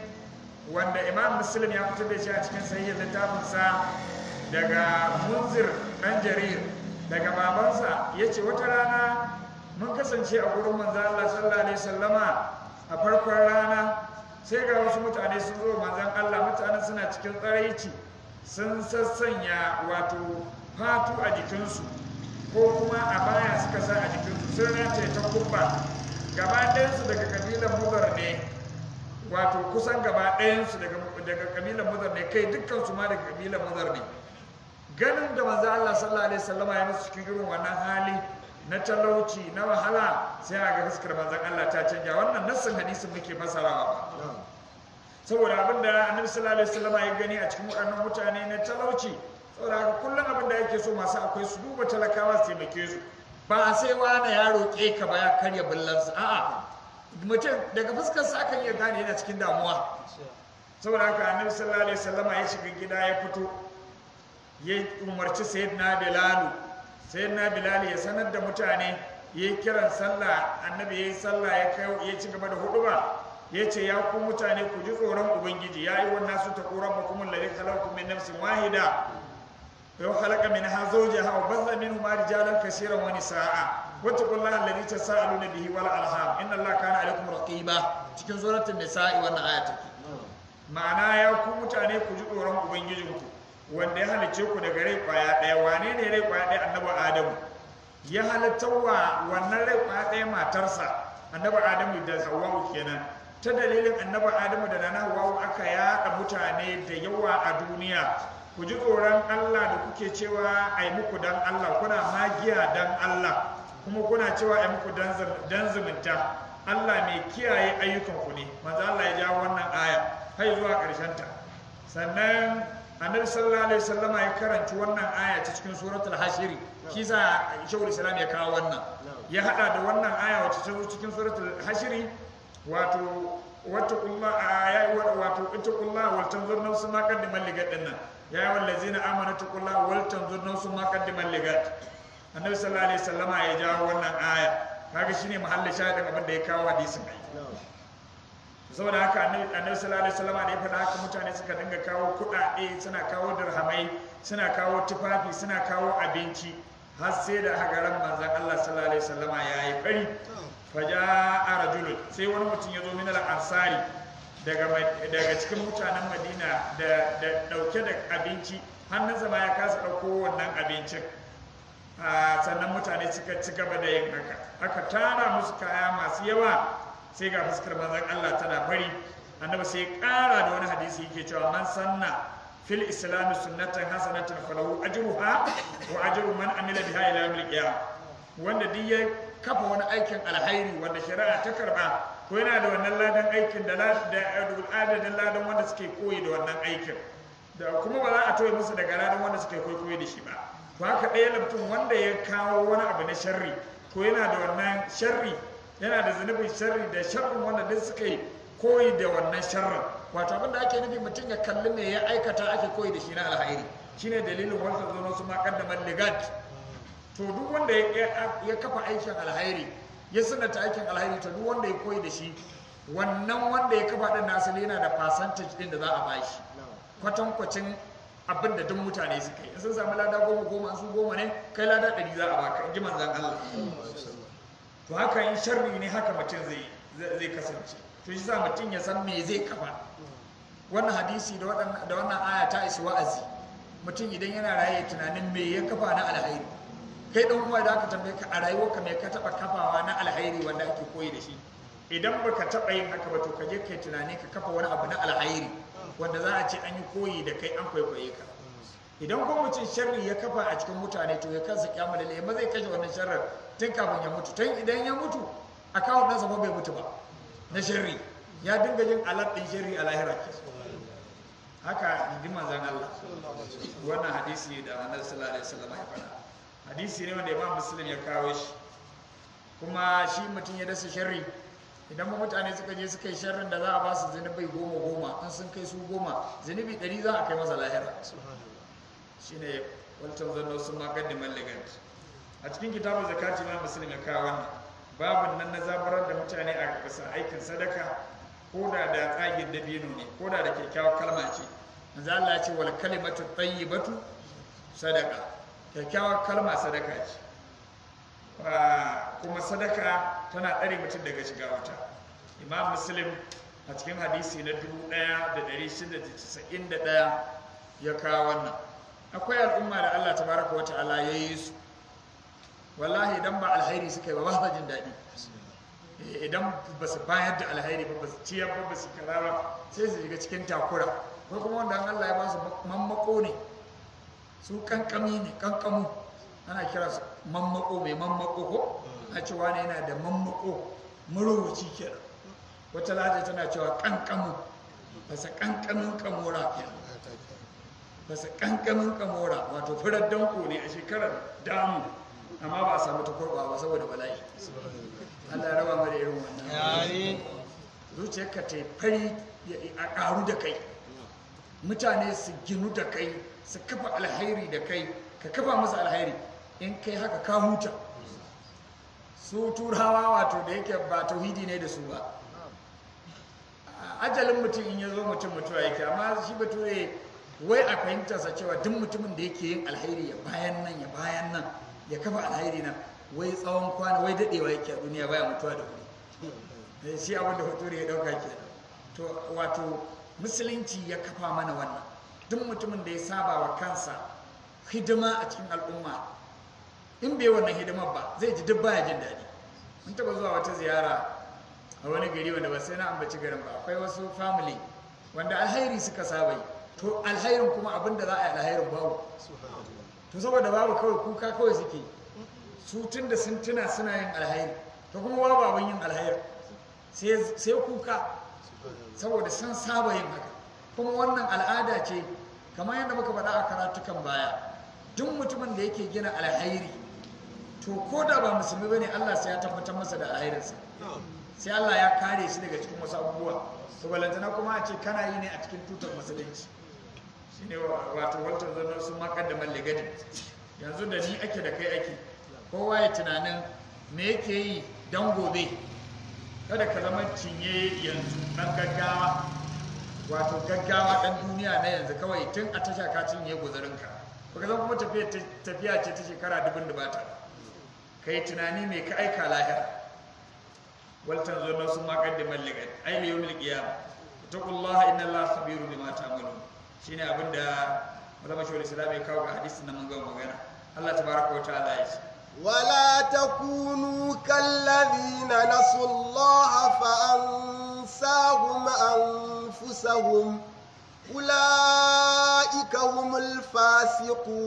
wanda imam muslim ya fitar da shi a cikin sahihin littafinsa daga munzir ɗan jarir daga babansa ya ce wata rana mun kasance a gurin manzo Allah sallallahu alaihi wasallama a farkon rana sai ga wasu mutane sun zo manzan Allah mutane suna cikin tsaraici sun sassanya wato fatu a jikinsu ko kuma a baya suka sa a jikinsu sun rataye ta kubba gaba ɗayansu daga kabilan mudar ne wato kusan gaba ɗayansu daga kabilan mudar ne kai dukkansu ma daga kabilan mudar ne ganin da manzan Allah sallallahu alaihi wasallama ya musu cikin irin wannan hali na talauci na wahala sai a ga fuskar manzan Allah ta canja wannan nassin hadisin muke fasarawa saboda abin da annabi sallallahu alaihi wasallam ya gani a cikin waɗannan mutane na talauci saboda haka kullum abin da yake so masu akwai su duba talakawa su taimake su ba sai wani ya roƙe ka ba ya karya billansa a'a mutum daga fuskar sa akan iya gane yana cikin damuwa saboda haka annabi sallallahu alaihi wasallam ya shiga gida ya fito ya umarci sayyidina Bilal sai na bilali ya sanar da mutane ya yi kiran sallah annabi ya yi sallah ya kai ya ci gaba da ba ya ce ya ku mutane ku ji tsoron ubangiji ya yi wannan su ta koran ba kuma lalai khalaqu min nafsin wahida wa khalaqa minha zawjaha wa batha minhuma rijalan kaseeran wa nisaa واتقوا الله bihi wala به inna allah الله كان عليكم رقيبا cikin suratul nisa'i wannan aya ma'ana ya ku mutane ku ji tsoron ubangijinku wanda ya halice ku daga rai kwaya ɗaya wane ne rai kwaya ɗaya annabi adamu ya halitta wa wannan rai kwaya ɗaya matarsa annabi adamu da hawwa'u kenan ta dalilin annabi adamu da nana hawwa'u aka yaɗa mutane da yawa a duniya ku ji tsoron allah da kuke cewa ai muku dan allah kuna magiya dan allah kuma kuna cewa yi muku dan zumunta allah mai kiyaye ayyukan ku ne manzo allah ya jawo wannan aya har zuwa ƙarshen sannan annabi sallallahu alaihi wasallama ya karanci wannan aya ta cikin suratul hashiri kiza shawul islam ya kawo wannan ya hada da wannan aya wacce ta zo cikin suratul hashiri wato wattaqullaha ya wato ittaqullaha wal tanzur nafsu ma qaddamat ligat dinnan ya ayyuhal ladzina amanu ittaqullaha wal tanzur nafsu ma qaddamat ligat annabi sallallahu alaihi wasallama ya jawo wannan aya kaga shine mahallin shahidin abin da ya kawo hadisin saboda haka annabi annabi sallallahu alaihi wasallam da ya faɗa haka mutane suka dinga kawo kuɗaɗe suna kawo dirhamai suna kawo tufafi suna kawo abinci har sai da haka ran manzon Allah sallallahu alaihi ya yi fari faja'a rajulun sai wani mutum ya zo min al-ansari daga cikin mutanen Madina da dauke da abinci hannun zama ya kasa ɗauko wannan abincin ah, sannan mutane suka ci gaba da yin haka aka tara musu kaya masu yawa sai ga fuskar manzon Allah tana bari annabi sai ƙara da wani hadisi yake cewa man sanna fil islam sunnatan hasanatan falahu ajruha wa ajru man amila biha ila yawmil wanda duk ya kafa wani aikin alhairi wanda shari'a ta karba ko yana da wannan ladan aikin da adadin ladan wanda suke koyi da wannan aikin da kuma ba za a toye musu daga ladan wanda suke koyi da shi ba to haka ɗaya lamtun wanda ya kawo wani abu na sharri ko yana da wannan sharri yana da zunubin sharri da sharrin wanda duk suka yi koyi da wannan sharrin wato abinda ake nufi mutum ya kalli me ya aikata ake koyi da shi na alhairi shine dalilin wanda zo su ma kan da ligat to duk wanda ya kafa aikin alhairi ya sunanta aikin alhairi to duk wanda ya koyi da shi wannan wanda ya kafa din nasu yana da percentage din da za a shi kwatankwacin abin da duk mutane suka yi sun samu lada goma goma su goma ne kai lada ɗari za a baka in ji zan Allah to haka yin sharri ne haka mutum zai kasance to shi sa mutum ya san me zai kafa wannan hadisi da wannan aya ta isa wa'azi mutum idan yana raye tunanin me ya kafa na alhairi kai dan uwa da aka tambaye ka a ka me ka taba kafawa na alhairi wanda ake koyi da shi idan baka taba yin haka ba to ka je kai tunani ka kafa wani abu na alhairi wanda za a ce an yi koyi da kai an kwaikwaye ka idan kuma mutum sharri ya kafa a cikin mutane to ya kansa kyamu da lema zai kashe wannan sharrar tun kafin ya mutu tun idan ya mutu a kawo ɗansa ko bai mutu ba na shirri ya dinga jin alaɗin shirri a lahira haka ji manzan Allah wannan hadisi da annabi sallallahu alaihi wasallam ya faɗa hadisi ne wanda imam muslim ya kawo shi kuma shi mutum ya dasa shirri idan ba mutane suka je suka yi sharrin da za a ba su zunubi goma goma in sun kai su goma zunubi ɗari za a kai masa lahira shine wal tawzanu sun ma qaddimal a cikin kitabun zakati ma musulun ya kawo wannan babun nan na zabarar da mutane a kasar aikin sadaka ko da da tsagin dabino ne ko da da kyakkyawar kalma ce manzo Allah ya ce wal kalimatu tayyibatu sadaka kyakkyawar kalma sadaka ce ah, kuma sadaka tana tsare mutum daga shiga wuta imam muslim a cikin hadisi na 1691 ya kawo wannan akwai al'umma da Allah tabaraka wa ta'ala ya yi su wallahi idan ba alhairi suka yi ba ba jin daɗi eh, idan ba su bayar da alhairi ba ba su ciyar ba ba su kaza ba sai su shiga cikin takura ko kuma wanda an Allah ya ba su mammako ne su kankami ne kankamu ana kira su mammako mai mammako ko a cewa ne yana da mammako marowaci kenan wata lada tana cewa kankamu ba su kankamin kamora kenan ba su kankamin kamora wato furar danko ne a shekarar damu amma ba a samu ta kurba ba saboda bala'i Allah ya raba mu da irin wannan zuciyarka ta fari a ƙaru da kai mutane su ginu da kai su kafa alhairi da kai ka kafa masa alhairi in kai haka ka huta su turawa wato da yake ba tauhidi ne da su ba ajalin mutum in ya zo mutum mutuwa yake amma shi bature wai a fahimtarsa cewa duk mutumin da yake yin alhairi ya bayan nan ya bayan nan ya kafa alhairi na wai tsawon kwana wai dadewa yake a duniya baya mutuwa da wuri eh, shi abin da hoto ya dauka ke to wato musulunci ya kafa mana wannan duk mutumin da ya saba wa kansa hidima a cikin al'umma in bai wannan hidimar ba zai ji duk baya jin daɗi mun taba zuwa wata ziyara a wani gari wanda ba sai na ambaci garin ba akwai wasu family wanda alhairi suka saba yi to alhairin kuma abinda za a yi alhairin babu to saboda babu kawai kuka kawai suke su tun da sun tuna suna yin alhairi to kuma babu abin yin alhairi sai kuka saboda sun saba yin haka kuma wannan al'ada ce kamar yadda muka faɗa a karatukan baya duk mutumin da yake gina alhairi to ko da ba musulmi bane Allah sai ya tabbatar masa da alhairinsa sai Allah ya kare shi daga cikin wasu abubuwa to balantana kuma a ce kana yi ne a cikin tutar musulunci shine wato walter zanen sun ma da legadin yanzu da ni ake da kai ake kowa ya tunanin me yake yi don gobe kada ka zama cinye yanzu ɗan gaggawa wato gaggawa ɗan duniya na yanzu kawai tun a tasha ka cinye guzarinka ka zama kuma tafiya ce ta shekara dubin dubata ka yi tunani mai ka aika lahira waltan zonar sun makar da mallagan aile yau mulkiya ta kullaha inna la biyu ne ta amalu shi ne abin da malama shi wani islami kawo ga hadisin nan mangan magana allah ta baraka wata ala ya ce wala ta kunu kallari na nasu fa an sahum an fusahum kula ika humul fasiku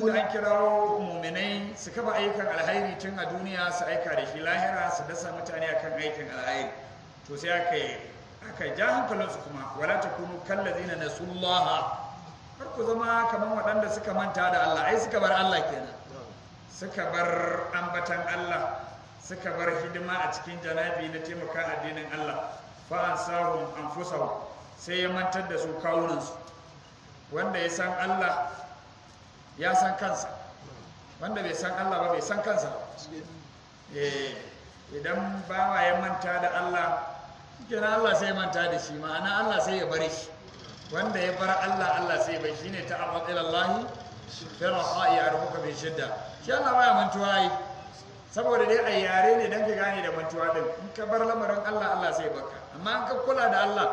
tun da an kira muminai su kafa aikan alhairi tun a duniya su aika da shi lahira su dasa mutane akan aikin alhairi to sai aka yi aka ja hankalinsu kuma wala takunu kallazina nasullaha har ku zama kamar waɗanda suka manta da Allah ai suka bar Allah kenan suka bar ambatan Allah suka bar hidima a cikin janabi na taimaka addinin Allah fa ansahum anfusahum sai ya mantar da su kawunansu wanda ya san Allah ya san kansa wanda bai san Allah ba bai san kansa eh, idan bawa ya manta da Allah kenan Allah sai manta da shi ma'ana Allah sai ya bari shi wanda ya bar Allah Allah sai bai shine ta abu ilallahi ha'i a rubuka bai shidda shi Allah baya mantuwa yi saboda dai a yare ne don ka gane da mantuwa din in ka bar lamarin Allah Allah sai baka amma in ka kula da Allah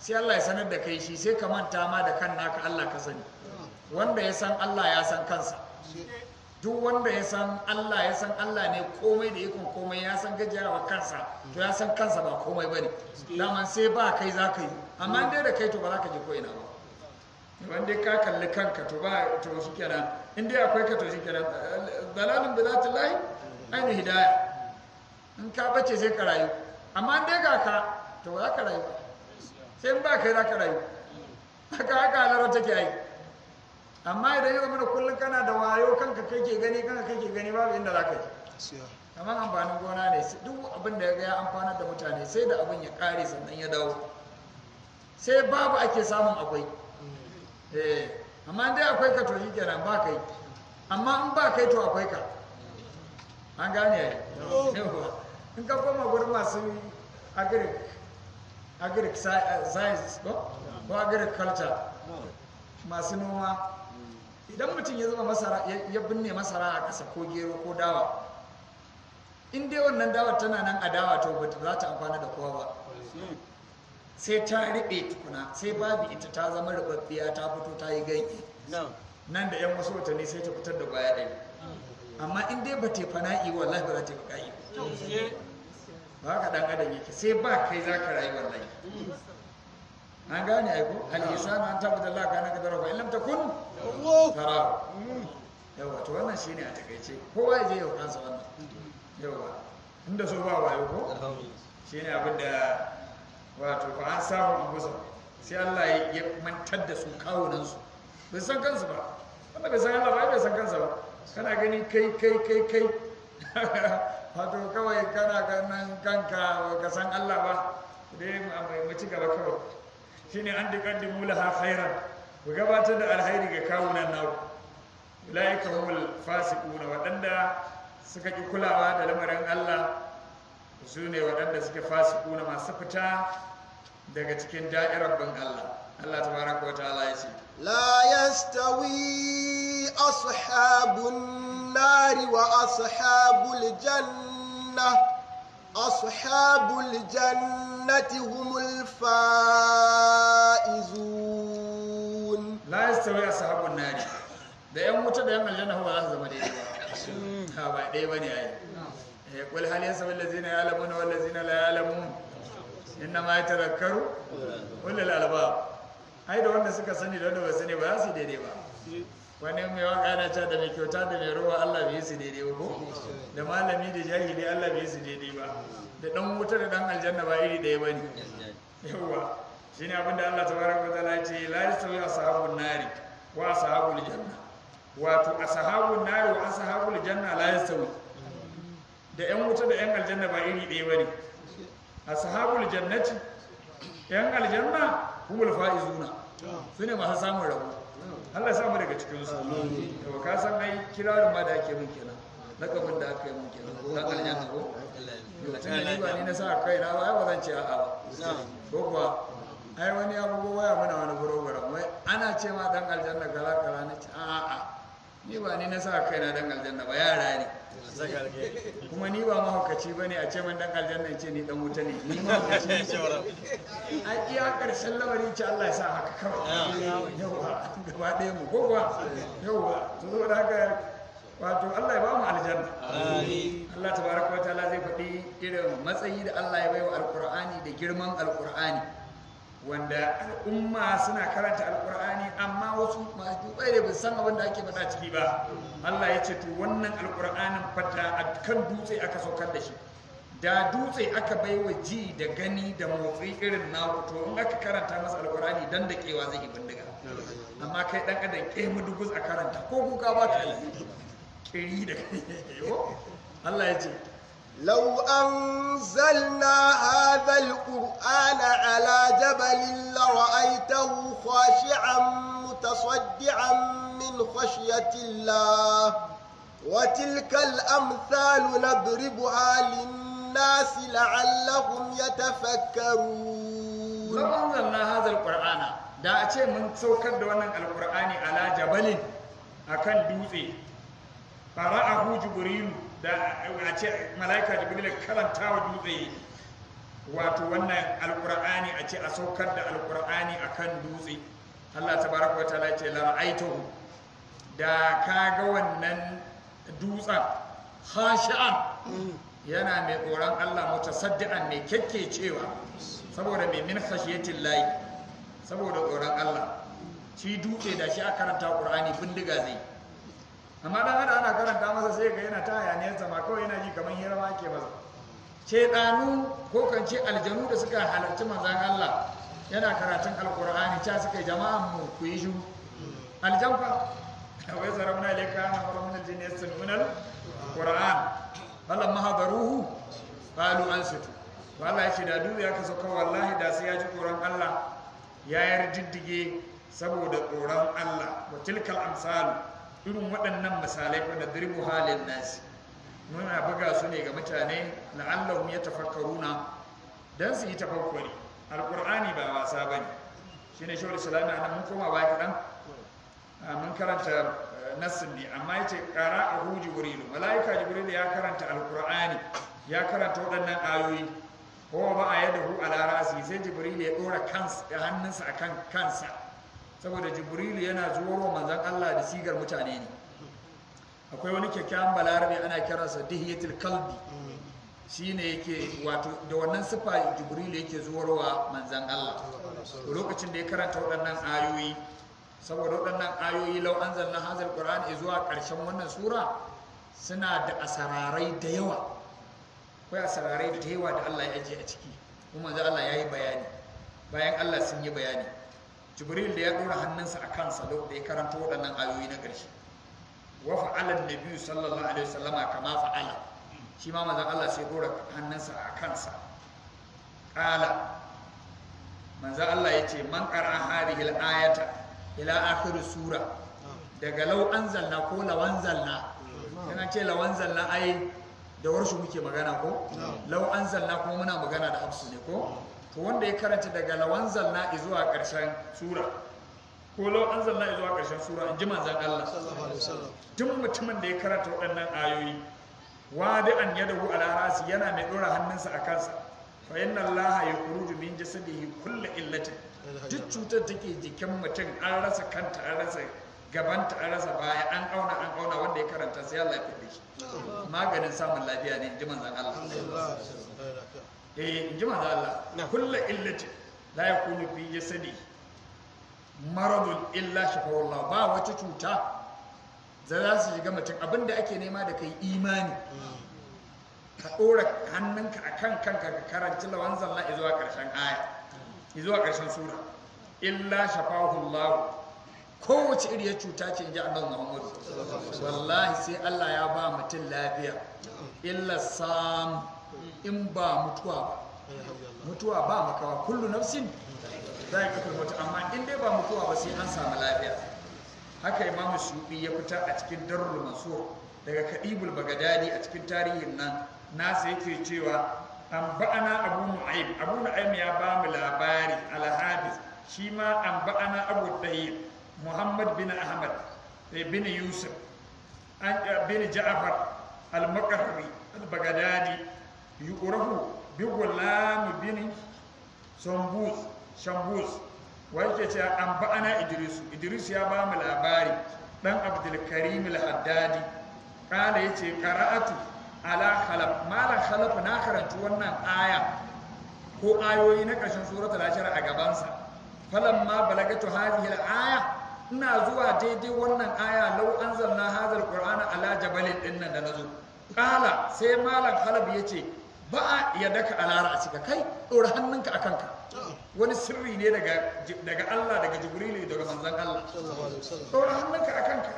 sai Allah ya sanar da kai shi sai ka manta ma da kan naka Allah ka sani wanda ya san Allah ya san kansa duk wanda ya san Allah ya san Allah ne komai da ikon komai ya san gajiyawa kansa to ya san kansa ba komai bane daman sai ba kai za ka yi amma dai da kai to ba za ka je ko ina ba daban dai ka kalli kanka to ba to shi kira in dai akwai ka to shi kenan dalalun bi zati layi aini hidaya in ka bace sai ka rayu amma dai ga ka to za ka rayu sai in ba kai za ka rayu haka haka halara take yi amma idan ya zama da kullum kana da wayo kanka kake gani kanka kake gani babu inda za ka je kamar amfanin gona ne duk abin da ya ga amfanar da mutane sai da abin ya kare sannan ya dawo sai babu ake samun akwai eh, amma dai akwai ka to shi kenan ba kai amma in ba kai to akwai ka an gane ya yi in ka koma gudun masu agric agric eh, science ko agric culture masu noma idan mutum ya zuba masara ya binne masara a ƙasa ko gero ko dawa in dai wannan dawa tana nan a dawa to ba za ta amfana da kowa ba sai ta riɓe tukuna sai babu ita ta zama rubabbiya ta fito ta yi ganki nan da 'yan wasu watanni sai ta fitar da kwaya ɗari amma in dai ba ta fana'i wallahi ba za ta yi ba ba ka ɗan adam yake sai ba kai za ka rayu wallahi an gane aiko al-insanu an tabbata Allah kana kadara fa illam takun tara yawa to wannan shine a takeice kowa ya je ya kansa wannan yawa inda so ba wayo ko shine abin da wato fa an samu an gusa sai Allah ya mantar da su kawunan su bai san kansu ba wanda bai san Allah ba bai san kansa ba kana gani kai kai kai kai wato kawai kana ganin kanka ka san Allah ba dai mu ci gaba kawai shine an tuqaddimu laha khairan ku gabatar da alhairi ga kawunan naku ulaika humul fasiquna waɗanda suka ki kulawa da lamarin Allah su ne waɗanda suke fasikuna masu fita daga cikin da'irar ban Allah Allah tabaraka wataala ya ce la yastawi ashabun nari wa ashabul janna ashabul jannati humul fa faizun la yastawi ashabun nari da yan wuta da yan aljanna ba za su zama daidai ba ba bane eh qul hal allazina ya'lamuna wal ladzina la ya'lamun inna ma albab ai da wanda suka sani da wanda ba sani ba za su daidai ba wani mai waka na ta da mai kyauta da mai ruwa Allah bai su daidai ba da malami da jahili Allah bai su daidai ba da dan wuta da dan aljanna ba iri daya bane yawa shine abin da Allah tabaraka wa ta'ala ce la yastawi ashabun nari wa ashabul janna wato ashabun nari wa ashabul janna la yastawi da yan wuta da yan aljanna ba iri ɗaya bane ashabul jannati yan aljanna humul faizuna sune masu samun rabo Allah ya samu daga cikin su to ka san ai kirarin ma da ake mun kenan kafin da aka yi mun kenan na aljanna ko Allah ya yi ba ni na sa kai na ba ai ba zan ce a'a ba ko kuwa ai wani ya bugo waya mana wani program wai ana ce ma dan aljanna kala kala na ce a'a ni ba ni na sa kai na dan aljanna ba yara ne kuma ni ba mahaukaci ba ne a ce man dan aljanna ce ni dan wuta ne ni mahaukaci ne a iya karshen lamarin ce Allah ya sa haka kawai yauwa gaba ɗaya mu gogwa yauwa su zo da haka wato Allah ya ba mu aljanna Allah tabaraka wa ta'ala zai faɗi irin matsayi da Allah ya baiwa alqur'ani da girman alqur'ani wanda al'umma suna karanta alkur'ani amma wasu masu dubai da bai san abin ake bada ciki ba Allah ya ce to wannan alkur'anin fata a kan dutse aka saukar da shi da dutse aka bai wa ji da gani da motsi irin na to in aka karanta masa alkur'ani dan da kewa zai bindiga amma kai dan adam kai mu dubus a karanta ko kuka ba ka yi kiri da kai Allah ya ce لو أنزلنا هذا القرآن على جبل لرأيته خاشعا متصدعا من خشية الله وتلك الأمثال نضربها للناس لعلهم يتفكرون لو أنزلنا هذا القرآن da a ce mun saukar da wannan alkur'ani ala jabalin akan dutse fara'ahu jibrilu da a ce malaika karanta wa dutse wato wannan alqur'ani a ce a saukar da alqur'ani akan dutse Allah tabaraka wa ta'ala ce lara'aitahu da ka ga wannan dutsen khashi'an yana mai tsoron Allah mutasaddi'an mai cewa saboda mai min khashiyatin layi saboda tsoron Allah shi dutse da shi a karanta Qur'ani bindiga zai amma dan adam ana karanta masa sai ga yana ta hayaniyar zama kawai yana ji kamar hira ma ke masa shaidanu ko kan ce aljanu da suka halarci manzan Allah yana karatun alkur'ani ca suka jama'an mu ku yi shiru aljan fa wai zaramna ilayka na qur'anul jinni yasmi'unal qur'an Allah mahadaruhu qalu ansitu to Allah yake da ya ka sauka wallahi da sai ya ji tsoron Allah ya yar diddige saboda tsoron Allah wa tilkal amsalu irin waɗannan misalai ko da diribu halin nasi muna buga su ne ga mutane la'allahum yatafakkaruna dan su yi tafakkuri alqur'ani ba wasa bane shine shawar islami anan mun koma baya ah, mun karanta eh, nassin ne amma yace qara ahu jibril malaika jibril ya karanta alqur'ani ya karanta waɗannan ayoyi ko ba a yadahu ala rasi sai jibril ya dora kansa da hannunsa akan kansa saboda jibrilu yana zuwa manzan Allah da sigar mutane ne akwai wani kyakkyawan balarabe ana kiransa dihiyatul kalbi shine yake wato da wannan sifa jibrilu yake zuwarwa manzon Allah lokacin da ya karanta waɗannan ayoyi saboda waɗannan ayoyi lau na zanna hazar ƙur'ani zuwa ƙarshen wannan sura suna da asararai da yawa akwai asararai da yawa da Allah ya ajiye a ciki kuma manzo Allah ya bayani bayan Allah sun yi bayani jibril da ya dora hannunsa a kansa da ya karanta waɗannan ayoyi na ƙarshe wa da biyu sallallahu alaihi wasallama kama fa'ala shi ma manzon Allah sai dora hannunsa a kansa ƙala, manzon Allah ya ce man qara hadhihi al-ayata ila akhir sura daga lau'an anzalna ko lawan anzalna kana ce lawan anzalna ai da warshu muke magana ko lau'an anzalna kuma muna magana da hafsu ne ko to wanda ya karanta daga lawan zanna zuwa ƙarshen sura ko lawan zanna zuwa ƙarshen sura in ji manzan Allah duk mutumin da ya karanta waɗannan ayoyi wa da an yadahu ala rasi yana mai ɗora hannunsa a kansa fa inna Allah ya kuruju min jasadihi kullu illatin duk cutar take jikin mutum an rasa kanta an rasa gabanta an rasa baya an auna an auna wanda ya karanta sai Allah ya fide shi maganin samun lafiya ne in ji manzan Allah eh in ji maza Allah kulla illatin la yakunu fi jasadi maradun illa shafawallah ba wata cuta za za su shiga mutum abinda ake nema da kai imani ka ɗora hannunka a kan kanka ka karanci lawan zalla zuwa ƙarshen aya zuwa ƙarshen sura illa shafahullahu kowace iriya cuta ce in ji annabi muhammadu wallahi sai allah ya ba mutum lafiya illa sam in ba mutuwa ba mutuwa ba makawa kullu nafsin za a kafin mutu amma in dai ba mutuwa ba sai an samu lafiya haka imamu shuɗi ya fita a cikin darul mansur daga kadibul bagadadi a cikin tarihin nan nasa yake cewa an ba'ana abu mu'aib abu mu'aib ya ba mu labari al shima shi ma an ba'ana abu dayyib muhammad bin ahmad eh, bin yusuf an eh, bin ja'far al-maqri al-bagadadi yu'rafu bi ghulam bin shambus shambus wa ce an ba'ana idris idris ya bamu labari dan abdul karim al kala yace qara'atu ala khalaf mala khalaf na karanta wannan aya ko ayoyi na ƙarshen suratul ashir a gabansa falamma balagatu hadhihi al aya ina zuwa daidai wannan aya lau an zanna hazar ƙur'ana ala jabalin ɗin nan da nazo. zo ƙala sai malam halab yace. ba a yarda ka alara a cika kai ɗora hannunka a kanka wani sirri ne daga Allah daga jibrilu daga manzan Allah ɗora hannunka a kanka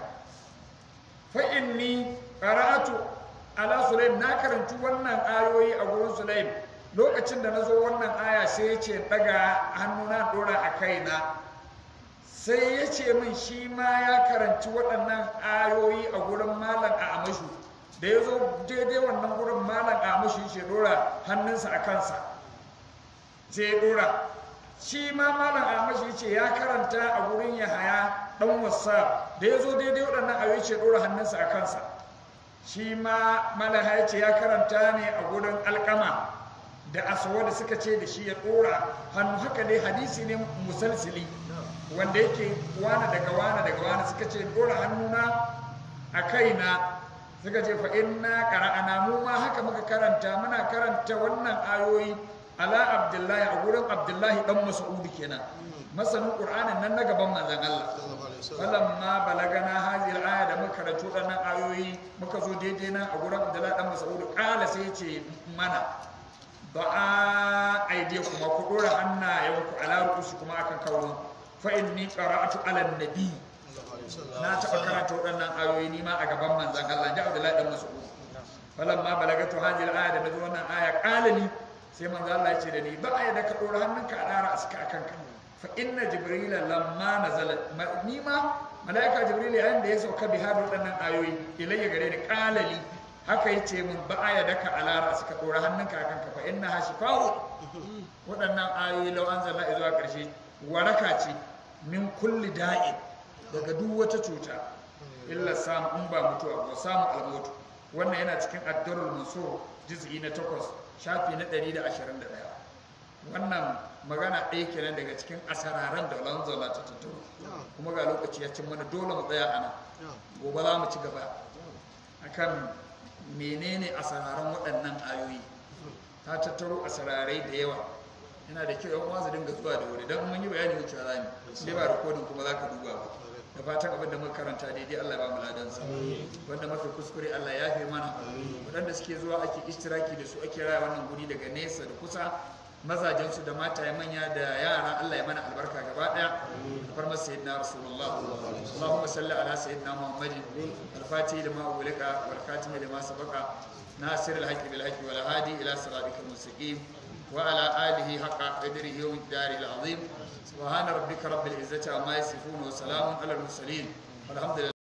Fa'in ni, qara'atu ala sulaim na karanci wannan ayoyi a gurin sulaim lokacin da na zo wannan aya sai ya ce daga hannuna ɗora a kaina sai ya ce min shi ma ya karanci waɗannan ayoyi a gurin malam a amashu da ya zo daidai wannan wurin malam amushi shi dora hannunsa a kansa sai dora shi ma malam amushi ce ya karanta a wurin yahaya dan wasa da ya zo daidai waɗannan ayoyi ce dora hannunsa a kansa shi ma malam haya ce ya karanta ne a wurin alkama da asuwa da suka ce da shi ya dora hannu haka dai hadisi ne musalsili wanda yake wana daga wana daga wana suka ce dora hannuna a kaina suka ce fa inna qara'ana mu ma haka muka karanta muna karanta wannan ayoyi ala abdullahi a gurin abdullahi dan mas'udi kenan masanin qur'anin nan na gaban manzon Allah falamma balagana hadhihi al-aya da muka karatu wannan ayoyi muka zo daidai na a gurin abdullahi dan mas'udi kala sai ce mana ba'a aide kuma ku dora hannayenku ala ru'usi kuma akan kawo fa inni qara'atu ala nabi na taɓa karanta waɗannan ayoyi nima a gaban manzan Allah ji Abdullahi dan Mas'ud ma balaga to hajil aya da nazo wannan aya qalani sai manzan Allah ya ce da ni ba aya da ka dora hannunka a dara aska akan kan fa inna jibril lamma nazala nima malaika jibril yayin da ya sauka bi hadu waɗannan ayoyi ilayya gare ni qalali haka yace mun ba aya da ka alara suka dora hannunka akan ka fa inna hashifa'u waɗannan ayoyi law anzala zuwa ƙarshe waraka ce min kulli da'in daga duk wata cuta illa samu in ba mutuwa ba samu almutu wannan yana cikin addarul musu jizgi na takwas, shafi na 121 wannan magana ɗaya kenan daga cikin asararan da lanzala ta tattaro kuma ga lokaci ya cin mana dole mu tsaya a nan. gobe za mu ci gaba akan menene asararan waɗannan ayoyi ta tattaro asararai da yawa yana da kyau yan uwa su dinga zuwa da wuri don mun yi bayani wucewa za mu sai ba rikodin kuma za ka duba ba da fatan abin da muka karanta daidai Allah ba mu ladan sa wanda muka kuskure Allah ya fi mana waɗanda suke zuwa ake istiraki da su ake raya wannan guri daga nesa da kusa mazajen su da mata ya manya da yara Allah ya mana albarka gaba daya farmar sayyidina rasulullah Allahumma salli ala sayyidina muhammadin al-fatih lima ulika wal da lima sabaqa nasir al-haqq bil wal hadi ila siratikal mustaqim وعلى آله حق قدره الدار العظيم سبحان ربك رب العزة عما يصفون وسلام على المرسلين والحمد لله